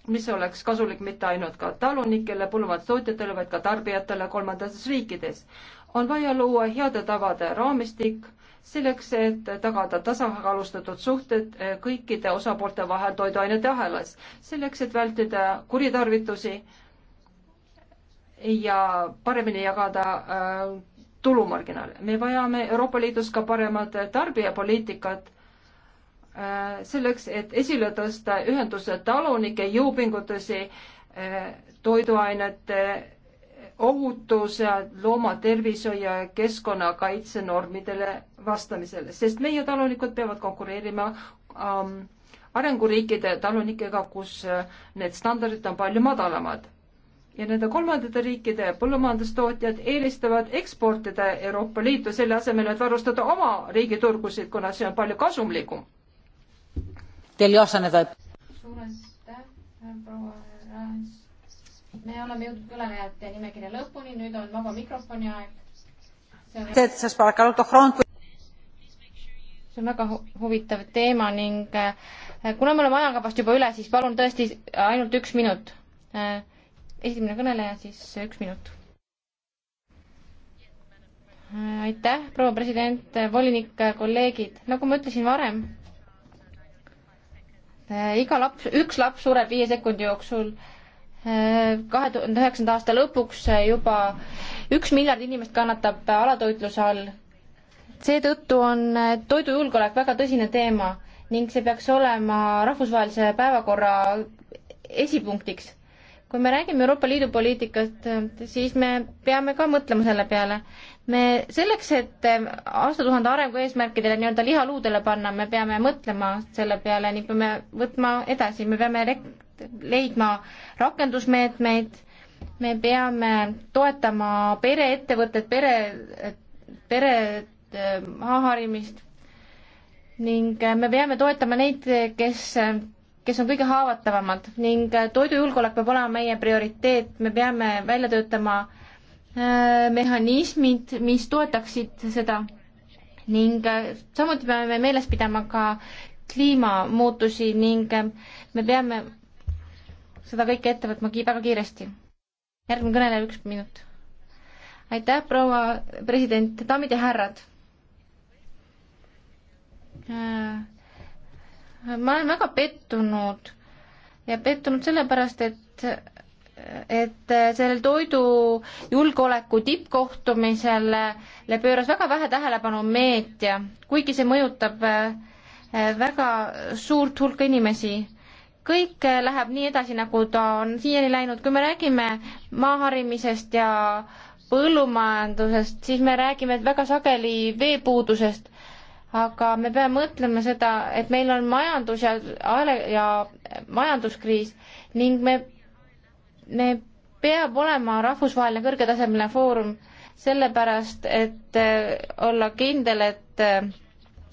mis oleks kasulik mitte ainult ka talunikele, põllumajandustootjatele, vaid ka tarbijatele kolmandates riikides. on vaja luua heade tavade raamistik selleks, et tagada tasakaalustatud suhted eh, kõikide osapoolte vahel toiduainete ahelas, selleks, et vältida kuritarvitusi ja paremini jagada eh, tulumarginaale. me vajame Euroopa Liidus ka paremat tarbijapoliitikat eh, selleks, et esile tõsta ühenduse talunike jõupingutusi toiduainete ohutus ja loomatervishoiu ja keskkonnakaitse normidele vastamisele, sest meie talunikud peavad konkureerima ähm, arenguriikide talunikega, kus äh, need standardid on palju madalamad. ja nende kolmandate riikide põllumajandustootjad eelistavad eksportida Euroopa Liitu selle asemel, et varustada oma riigi turgusid, kuna see on palju kasumlikum. Teil ei osanud või? suur aitäh, proua Raas me oleme jõudnud kõnelejate nimekirja lõpuni, nüüd on vaba mikrofoni aeg. see on väga huvitav teema ning äh, kuna me oleme ajakavast juba üle, siis palun tõesti ainult üks minut. Äh, esimene kõneleja, siis üks minut. Äh, aitäh, proua president, volinik, kolleegid, nagu ma ütlesin varem, iga laps, üks laps sureb viie sekundi jooksul kahe tuhande üheksanda aasta lõpuks juba üks miljard inimest kannatab alatoitluse all. seetõttu on eh, toidujulgeolek väga tõsine teema ning see peaks olema rahvusvahelise päevakorra esipunktiks. kui me räägime Euroopa Liidu poliitikast, eh, siis me peame ka mõtlema selle peale. me selleks, et eh, aastatuhande arengu eesmärkidele nii-öelda lihaluudele panna, me peame mõtlema selle peale ning peame võtma edasi, me peame rek-, leidma rakendusmeetmeid, me peame toetama pereettevõtted, pere, pere äh, maaharimist ning äh, me peame toetama neid, kes, kes on kõige haavatavamad ning äh, toidujulgeolek peab olema meie prioriteet, me peame välja töötama mehhanismid, mis toetaksid seda ning samuti peame meeles pidama ka kliimamuutusi ning me peame seda kõike ette võtma väga kiiresti. järgmine kõneleja, üks minut. aitäh, proua president, daamid ja härrad. Äh, ma olen väga pettunud ja pettunud sellepärast, et et sellel toidujulgeoleku tippkohtumisele pööras väga vähe tähelepanu meedia, kuigi see mõjutab äh, väga suurt hulka inimesi kõik eh, läheb nii edasi, nagu ta on siiani läinud, kui me räägime maaharimisest ja põllumajandusest, siis me räägime väga sageli veepuudusest. aga me peame mõtlema seda, et meil on majandus ja, ja majanduskriis ning me, me peab olema rahvusvaheline kõrgetasemeline foorum, sellepärast et eh, olla kindel, et eh,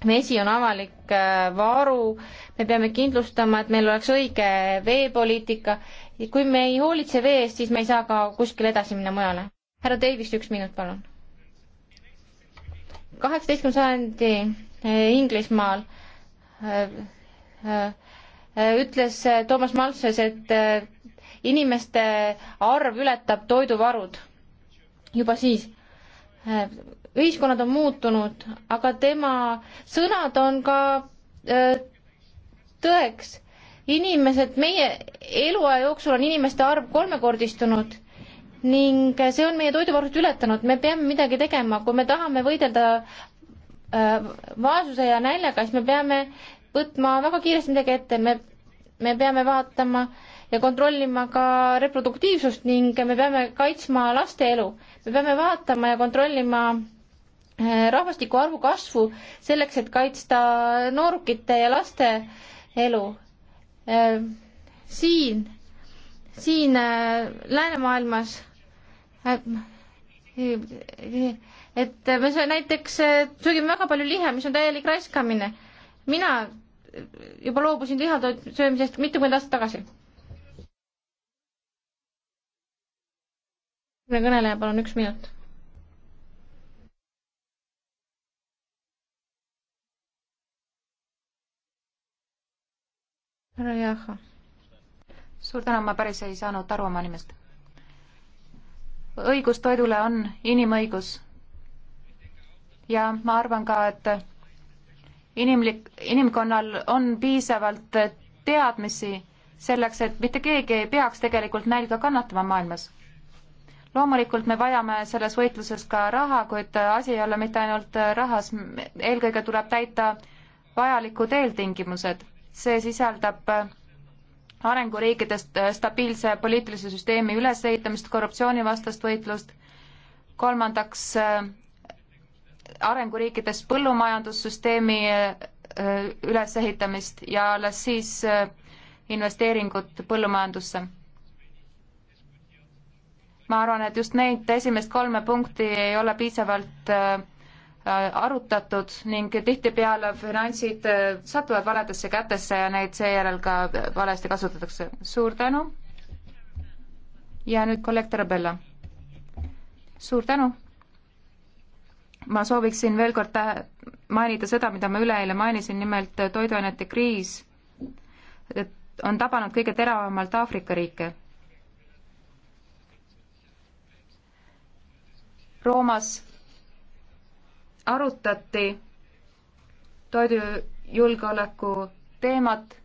vesi on avalik äh, varu, me peame kindlustama, et meil oleks õige veepoliitika. kui me ei hoolitse vee eest, siis me ei saa ka kuskile edasi minna mujale. härra Davis, üks minut, palun. kaheksateistkümnenda sajandi äh, Inglismaal äh, ütles Toomas Maltses, et inimeste arv ületab toiduvarud juba siis ühiskonnad on muutunud, aga tema sõnad on ka öö, äh, tõeks. inimesed, meie eluaja jooksul on inimeste arv kolmekordistunud ning see on meie toiduvarust ületanud, me peame midagi tegema, kui me tahame võidelda öö, äh, vaesuse ja näljaga, siis me peame võtma väga kiiresti midagi ette, me, me peame vaatama ja kontrollima ka reproduktiivsust ning me peame kaitsma laste elu. me peame vaatama ja kontrollima Eh, rahvastiku arvu kasvu selleks, et kaitsta noorukite ja laste elu. Eh, siin, siin eh, läänemaailmas, et me näiteks söögime väga palju liha, mis on täielik raiskamine. mina juba loobusin lihatoit söömisest mitukümmend aastat tagasi. kõneleja, palun üks minut härra Jaha. suur tänu, ma päris ei saanud aru oma nimest. õigus toidule on inimõigus. ja ma arvan ka, et inimlik, inimkonnal on piisavalt teadmisi selleks, et mitte keegi ei peaks tegelikult nälga kannatama maailmas. loomulikult me vajame selles võitluses ka raha, kuid asi ei ole mitte ainult rahas, eelkõige tuleb täita vajalikud eeltingimused see sisaldab arenguriikidest stabiilse poliitilise süsteemi ülesehitamist, korruptsioonivastast võitlust, kolmandaks arenguriikides põllumajandussüsteemi äh, ülesehitamist ja alles siis äh, investeeringut põllumajandusse. ma arvan, et just neid esimest kolme punkti ei ole piisavalt äh, Äh, arutatud ning tihtipeale finantsid äh, satuvad valedesse kätesse ja neid seejärel ka valesti kasutatakse. suur tänu. ja nüüd kolleeg Tarabella. suur tänu. ma sooviksin veel kord mainida seda, mida ma üleeile mainisin, nimelt äh, toiduainete kriis on tabanud kõige teravamalt Aafrika riike. Roomas arutati toidujulgeoleku teemat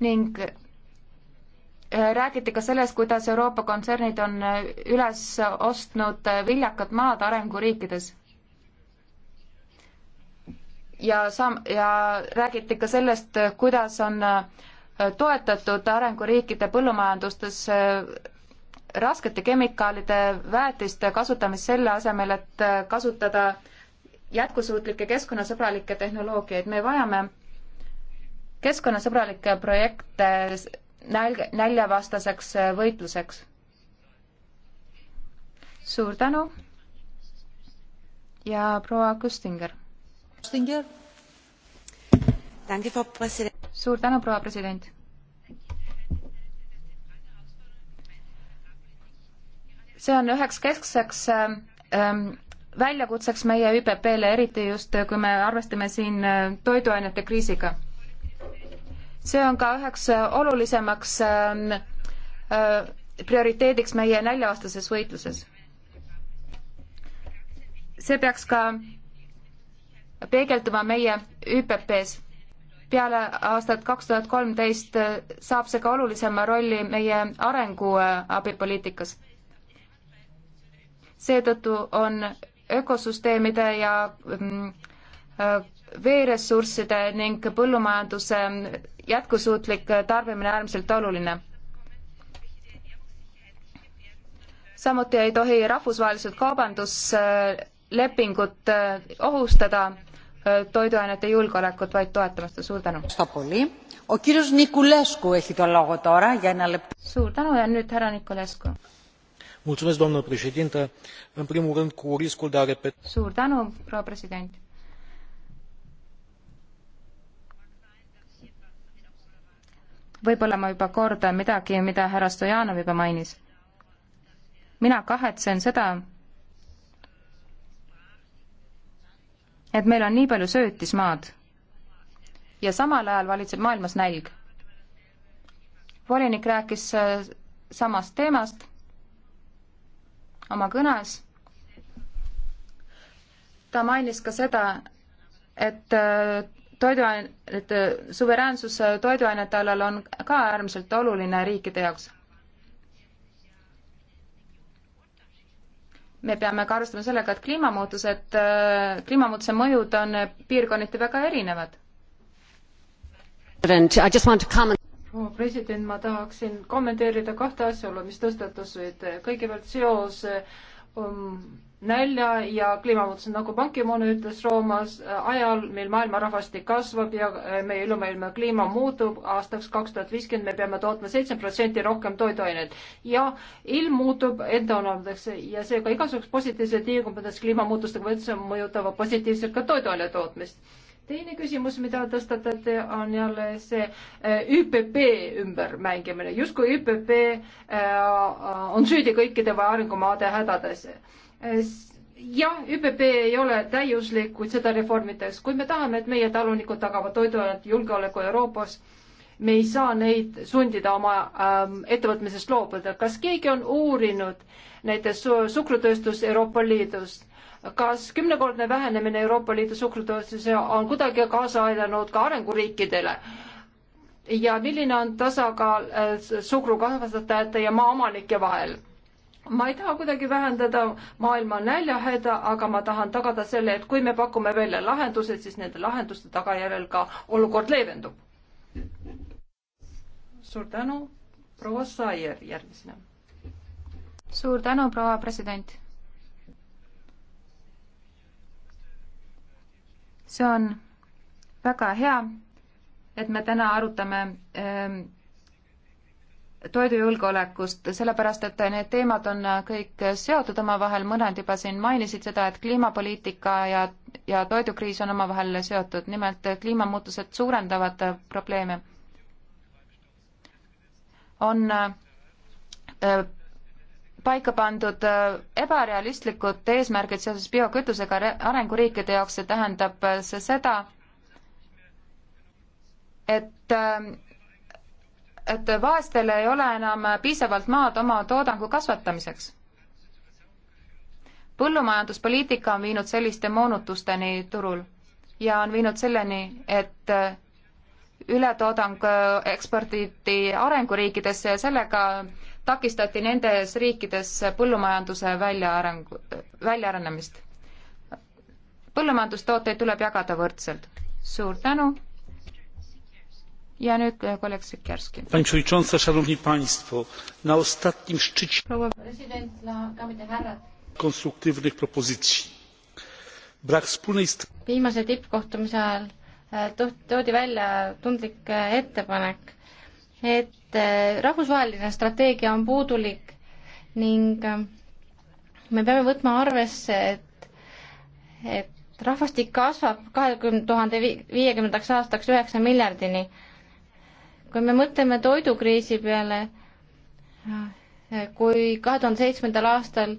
ning äh, räägiti ka sellest, kuidas Euroopa kontsernid on äh, üles ostnud äh, viljakad maad arenguriikides. ja sam-, ja räägiti ka sellest, kuidas on toetatud arenguriikide põllumajandustes raskete kemikaalide väetiste kasutamist selle asemel, et kasutada jätkusuutlikke keskkonnasõbralikke tehnoloogiaid, me vajame keskkonnasõbralikke projekte nälg-, näljavastaseks võitluseks. suur tänu ja proua Kustinger. suur tänu, proua president see on üheks keskseks ähm, ähm, väljakutseks meie ÜPP-le, eriti just, äh, kui me arvestame siin äh, toiduainete kriisiga. see on ka üheks äh, olulisemaks ähm, prioriteediks meie näljavastases võitluses. see peaks ka peegelduma meie ÜPP-s. peale aastat kaks tuhat kolmteist saab see ka olulisema rolli meie arenguabipoliitikas seetõttu on ökosüsteemide ja mm, äh, veeressursside ning põllumajanduse jätkusuutlik tarbimine äärmiselt oluline. samuti ei tohi rahvusvahelised kaubanduslepingud äh, ohustada äh, toiduainete julgeolekut, vaid toetama seda, suur tänu. suur tänu ja nüüd härra Nikolescu în primul rând cu riscul de a repeta. suur tänu proua president võib-olla ma juba kordan midagi mida härra stojanov juba mainis mina kahetsen seda et meil on nii palju söötismaad ja samal ajal valitseb maailmas nälg volinik rääkis äh, samast teemast oma kõnes. ta mainis ka seda, et äh, toiduainete, äh, suveräänsus äh, toiduainete alal on ka äärmiselt oluline riikide jaoks. me peame ka arvestama sellega, et kliimamuutused, kliimamuutuse mõjud on piirkonniti väga erinevad. president, I just want to comment proua nagu president, ma tahaksin kommenteerida kahte asjaolu, mis tõstatusid. kõigepealt seos um, nälja ja kliimamuutused, nagu Bankimon ütles Roomas, äh, ajal, mil maailma rahvastik kasvab ja äh, meie ilumaailma kliima muutub, aastaks kaks tuhat viiskümmend me peame tootma seitse protsenti rohkem toiduaineid. ja ilm muutub endaolevaks ja seega igasugused positiivsed liigumised kliimamuutustega võrdse mõjutavad positiivselt ka toiduaine tootmist teine küsimus, mida tõstatate, on jälle see eh, ÜPP ümbermängimine, justkui ÜPP eh, on süüdi kõikide arengumaade hädades eh, jah, ÜPP ei ole täiuslik, kuid seda reformitakse. kui me tahame, et meie talunikud tagavad toiduainete julgeoleku Euroopas, me ei saa neid sundida oma ähm, ettevõtmisest loobuda. kas keegi on uurinud näiteks suhkrutööstus Euroopa Liidus äh,? kas kümnekordne vähenemine Euroopa Liidu suhkrutootmises on kuidagi kaasa aidanud ka arenguriikidele? ja milline on tasakaal äh, suhkrukasvatajate ja maaomanike vahel? ma ei taha kuidagi vähendada maailma näljahäda, aga ma tahan tagada selle, et kui me pakume välja lahendused, siis nende lahenduste tagajärjel ka olukord leevendub. suur tänu, proua Saier järgmisena. suur tänu, proua president see on väga hea, et me täna arutame ähm, toidujulgeolekust, sellepärast et need teemad on kõik seotud omavahel, mõned juba siin mainisid seda, et kliimapoliitika ja, ja toidukriis on omavahel seotud, nimelt kliimamuutused suurendavad probleeme. on äh, paika pandud äh, ebarealistlikud eesmärgid seoses biokütusega arenguriikide jaoks, see tähendab äh, see seda, et äh, et vaestel ei ole enam piisavalt maad oma toodangu kasvatamiseks. põllumajanduspoliitika on viinud selliste moonutusteni turul ja on viinud selleni, et ületoodang eksporditi arenguriikidesse ja sellega takistati nendes riikides põllumajanduse väljaarengu, väljaarenemist. põllumajandustooteid tuleb jagada võrdselt. suur tänu ja nüüd eh, kolleeg Sikerski. proua president, daamid ja härrad. viimase tippkohtumise ajal eh, toodi välja tundlik eh, ettepanek, et et eh, rahvusvaheline strateegia on puudulik ning eh, me peame võtma arvesse, et, et rahvastik kasvab kahekümne tuhande viiekümnendaks aastaks üheksa miljardini. kui me mõtleme toidukriisi peale, eh, kui kahe tuhande seitsmendal aastal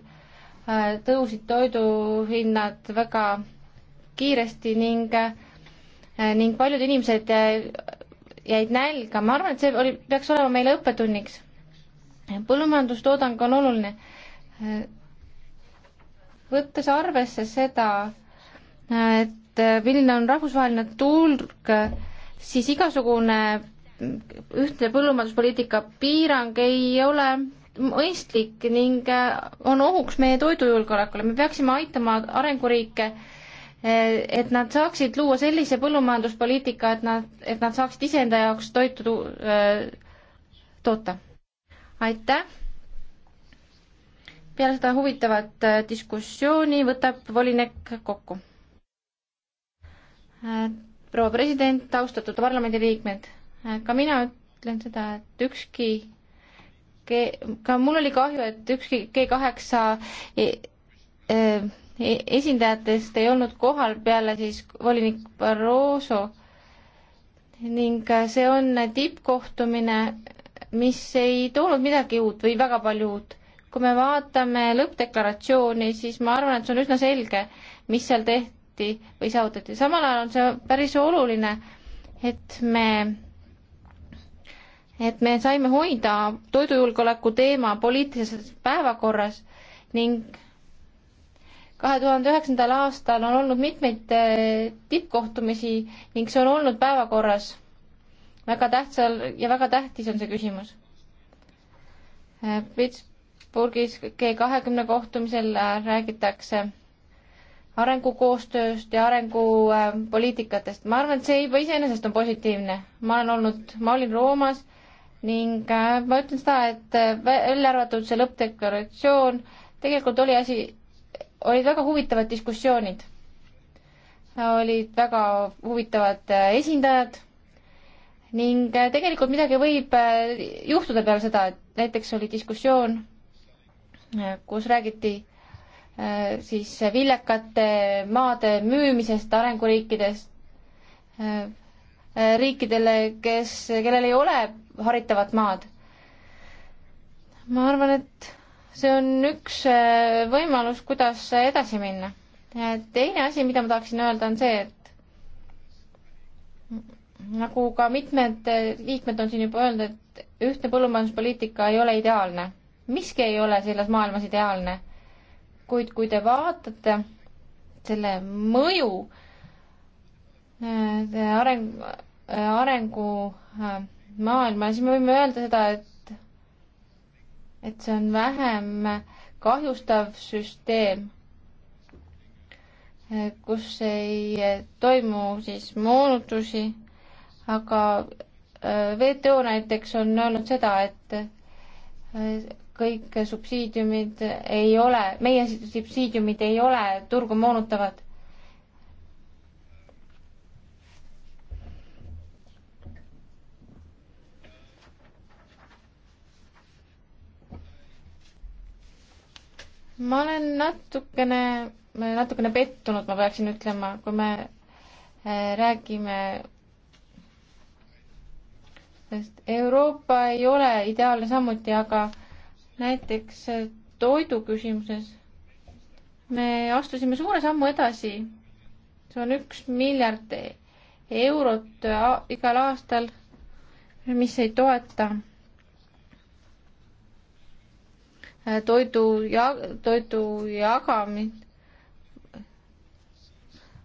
tõusid toiduhinnad väga kiiresti ning, ning paljud inimesed jäid nälga, ma arvan, et see oli, peaks olema meile õppetunniks. põllumajandustoodang on oluline. võttes arvesse seda, et milline on rahvusvaheline turg, siis igasugune ühtne põllumajanduspoliitika piirang ei ole mõistlik ning on ohuks meie toidujulgeolekule. me peaksime aitama arenguriike äh, Eh, et nad saaksid luua sellise põllumajanduspoliitika, et nad, et nad saaksid iseenda jaoks toitu eh, toota. aitäh! peale seda huvitavat eh, diskussiooni võtab volinik kokku. proua president, austatud parlamendiliikmed, ka mina ütlen seda, et ükski, ka mul oli kahju, et ükski G kaheksa E-, esindajatest ei olnud kohal peale siis volinik Barroso ning äh, see on tippkohtumine, mis ei toonud midagi uut või väga palju uut. kui me vaatame lõppdeklaratsiooni, siis ma arvan, et see on üsna selge, mis seal tehti või saavutati. samal ajal on see päris oluline, et me et me saime hoida toidujulgeoleku teema poliitilises päevakorras ning kahe tuhande üheksandal aastal on olnud mitmeid eh, tippkohtumisi ning see on olnud päevakorras. väga tähtsal ja väga tähtis on see küsimus. Eh, Pittsburghis G kahekümne kohtumisel eh, räägitakse arengukoostööst ja arengupoliitikatest. ma arvan, et see juba iseenesest on positiivne. ma olen olnud, ma olin Roomas ning ma ütlen seda, et välja arvatud see lõppdeklaratsioon, tegelikult oli asi olid väga huvitavad diskussioonid, olid väga huvitavad äh, esindajad ning äh, tegelikult midagi võib äh, juhtuda peale seda, et näiteks oli diskussioon, kus räägiti siis viljakate maade müümisest arenguriikidest riikidele, kes, kellel ei ole haritavat maad. ma arvan, et see on üks äh, võimalus, kuidas edasi minna. teine asi, mida ma tahaksin öelda, on see, et nagu ka mitmed äh, liikmed on siin juba öelnud, et ühtne põllumajanduspoliitika ei ole ideaalne. miski ei ole selles maailmas ideaalne. kuid kui te vaatate selle mõju äh, areng, arengu maailma, siis me võime öelda seda, et et see on vähem kahjustav süsteem, kus ei toimu siis moonutusi, aga äh, WTO näiteks on öelnud seda, et äh, kõik subsiidiumid ei ole, meie subsiidiumid ei ole turgu moonutavad. ma olen natukene, natukene pettunud, ma peaksin ütlema, kui me eh, räägime sest Euroopa ei ole ideaalne samuti, aga näiteks eh, toidu küsimuses me astusime suure sammu edasi. see on üks miljard eurot eh, igal aastal, mis ei toeta Äh, toidu ja toidu jagamine,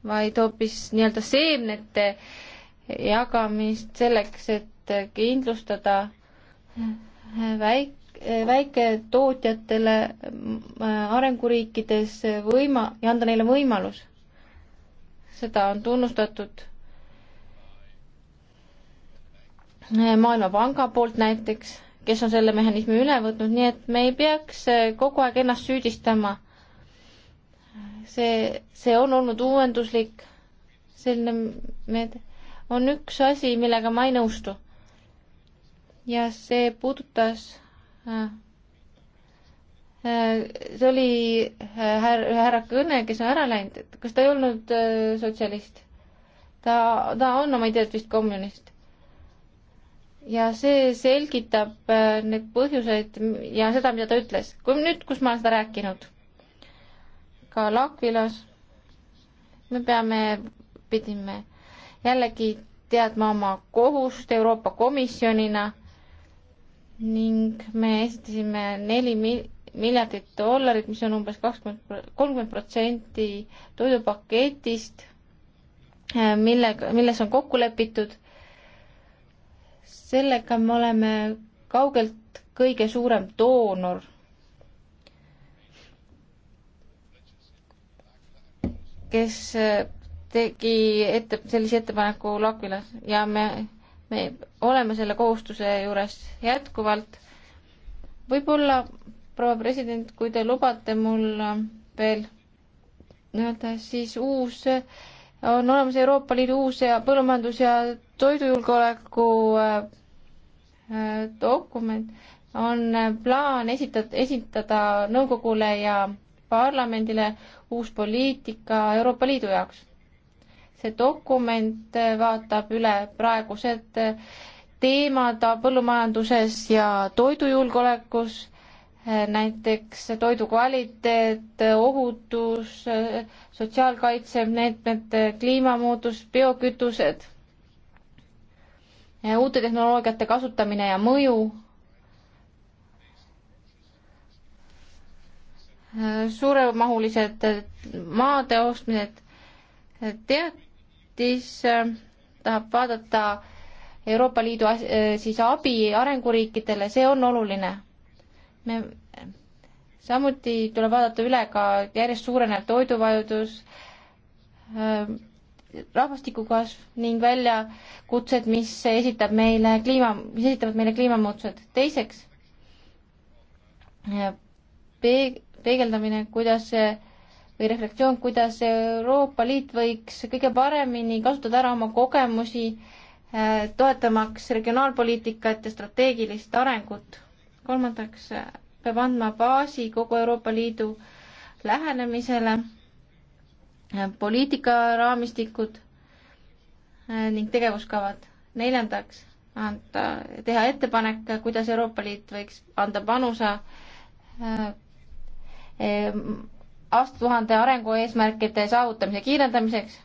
vaid hoopis nii-öelda seemnete jagamist selleks, et kindlustada äh, väik-, äh, väiketootjatele arenguriikides võima- ja anda neile võimalus. seda on tunnustatud Maailmapanga poolt näiteks kes on selle mehhanismi üle võtnud, nii et me ei peaks eh, kogu aeg ennast süüdistama. see, see on olnud uuenduslik, selline meede. on üks asi, millega ma ei nõustu. ja see puudutas äh, äh, see oli äh, härra, ühe härra kõne, kes on ära läinud, kas ta ei olnud sotsialist? ta, ta on oma ideelt vist kommunist ja see selgitab äh, neid põhjuseid ja seda, mida ta ütles. kui nüüd, kus ma olen seda rääkinud, ka Lakvilas, me peame, pidime jällegi teadma oma kohust Euroopa Komisjonina ning me esitasime neli mil-, miljardit dollarit, mis on umbes kakskümmend, kolmkümmend protsenti toidupaketist, äh, mille, milles on kokku lepitud sellega me oleme kaugelt kõige suurem doonor. kes äh, tegi ette, sellise ettepaneku Lakvilas ja me, me oleme selle kohustuse juures jätkuvalt. võib-olla, proua president, kui te lubate mul äh, veel nii-öelda siis uus äh, on olemas Euroopa Liidu uus põllumajandus- ja toidujulgeoleku dokument, on plaan esitada, esitada nõukogule ja parlamendile uus poliitika Euroopa Liidu jaoks. see dokument vaatab üle praegused teemad põllumajanduses ja toidujulgeolekus, näiteks toidu kvaliteet, ohutus, sotsiaalkaitsemeetmed, kliimamuutus, biokütused uute tehnoloogiate kasutamine ja mõju. suuremahulised maade ostmised. teatis äh, tahab vaadata Euroopa Liidu as-, äh, siis abi arenguriikidele, see on oluline. me, samuti tuleb vaadata üle ka järjest suurenev toiduvajadus, äh, rahvastiku kasv ning väljakutsed, mis esitab meile kliima, mis esitavad meile kliimamuutused. teiseks, äh, peeg-, peegeldamine, kuidas või refleksioon, kuidas Euroopa Liit võiks kõige paremini kasutada ära oma kogemusi, äh, toetamaks regionaalpoliitikat ja strateegilist arengut. kolmandaks, äh, peab andma baasi kogu Euroopa Liidu lähenemisele poliitikaraamistikud äh, ning tegevuskavad. neljandaks, anda, teha ettepanek, kuidas Euroopa Liit võiks anda panuse äh, aastatuhande arengueesmärkide saavutamise kiirendamiseks.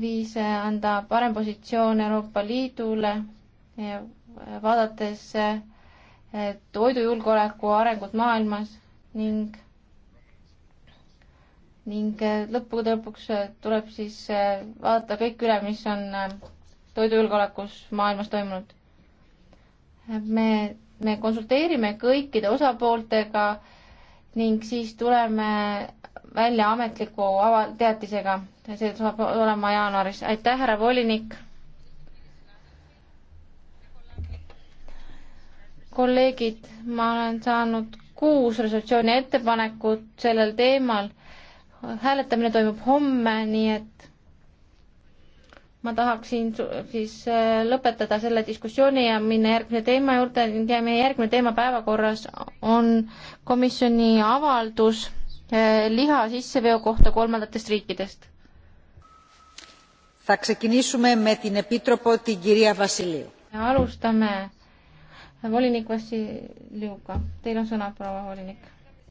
viis, anda parem positsioon Euroopa Liidule, vaadates äh, toidujulgeoleku arengut maailmas ning ning äh, lõppude lõpuks äh, tuleb siis äh, vaadata kõik üle, mis on toidujulgeolekus maailmas toimunud. me, me konsulteerime kõikide osapooltega ning siis tuleme välja ametliku ava-, teatisega. see saab olema jaanuaris. aitäh, härra volinik. kolleegid, ma olen saanud kuus resolutsiooni ettepanekut sellel teemal hääletamine toimub homme, nii et ma tahaksin siis äh, lõpetada selle diskussiooni ja minna järgmine teema juurde ja meie järgmine teema päevakorras on komisjoni avaldus äh, liha sisseveo kohta kolmandatest riikidest. me alustame äh, volinik Vassiljevga, teil on sõna, proua volinik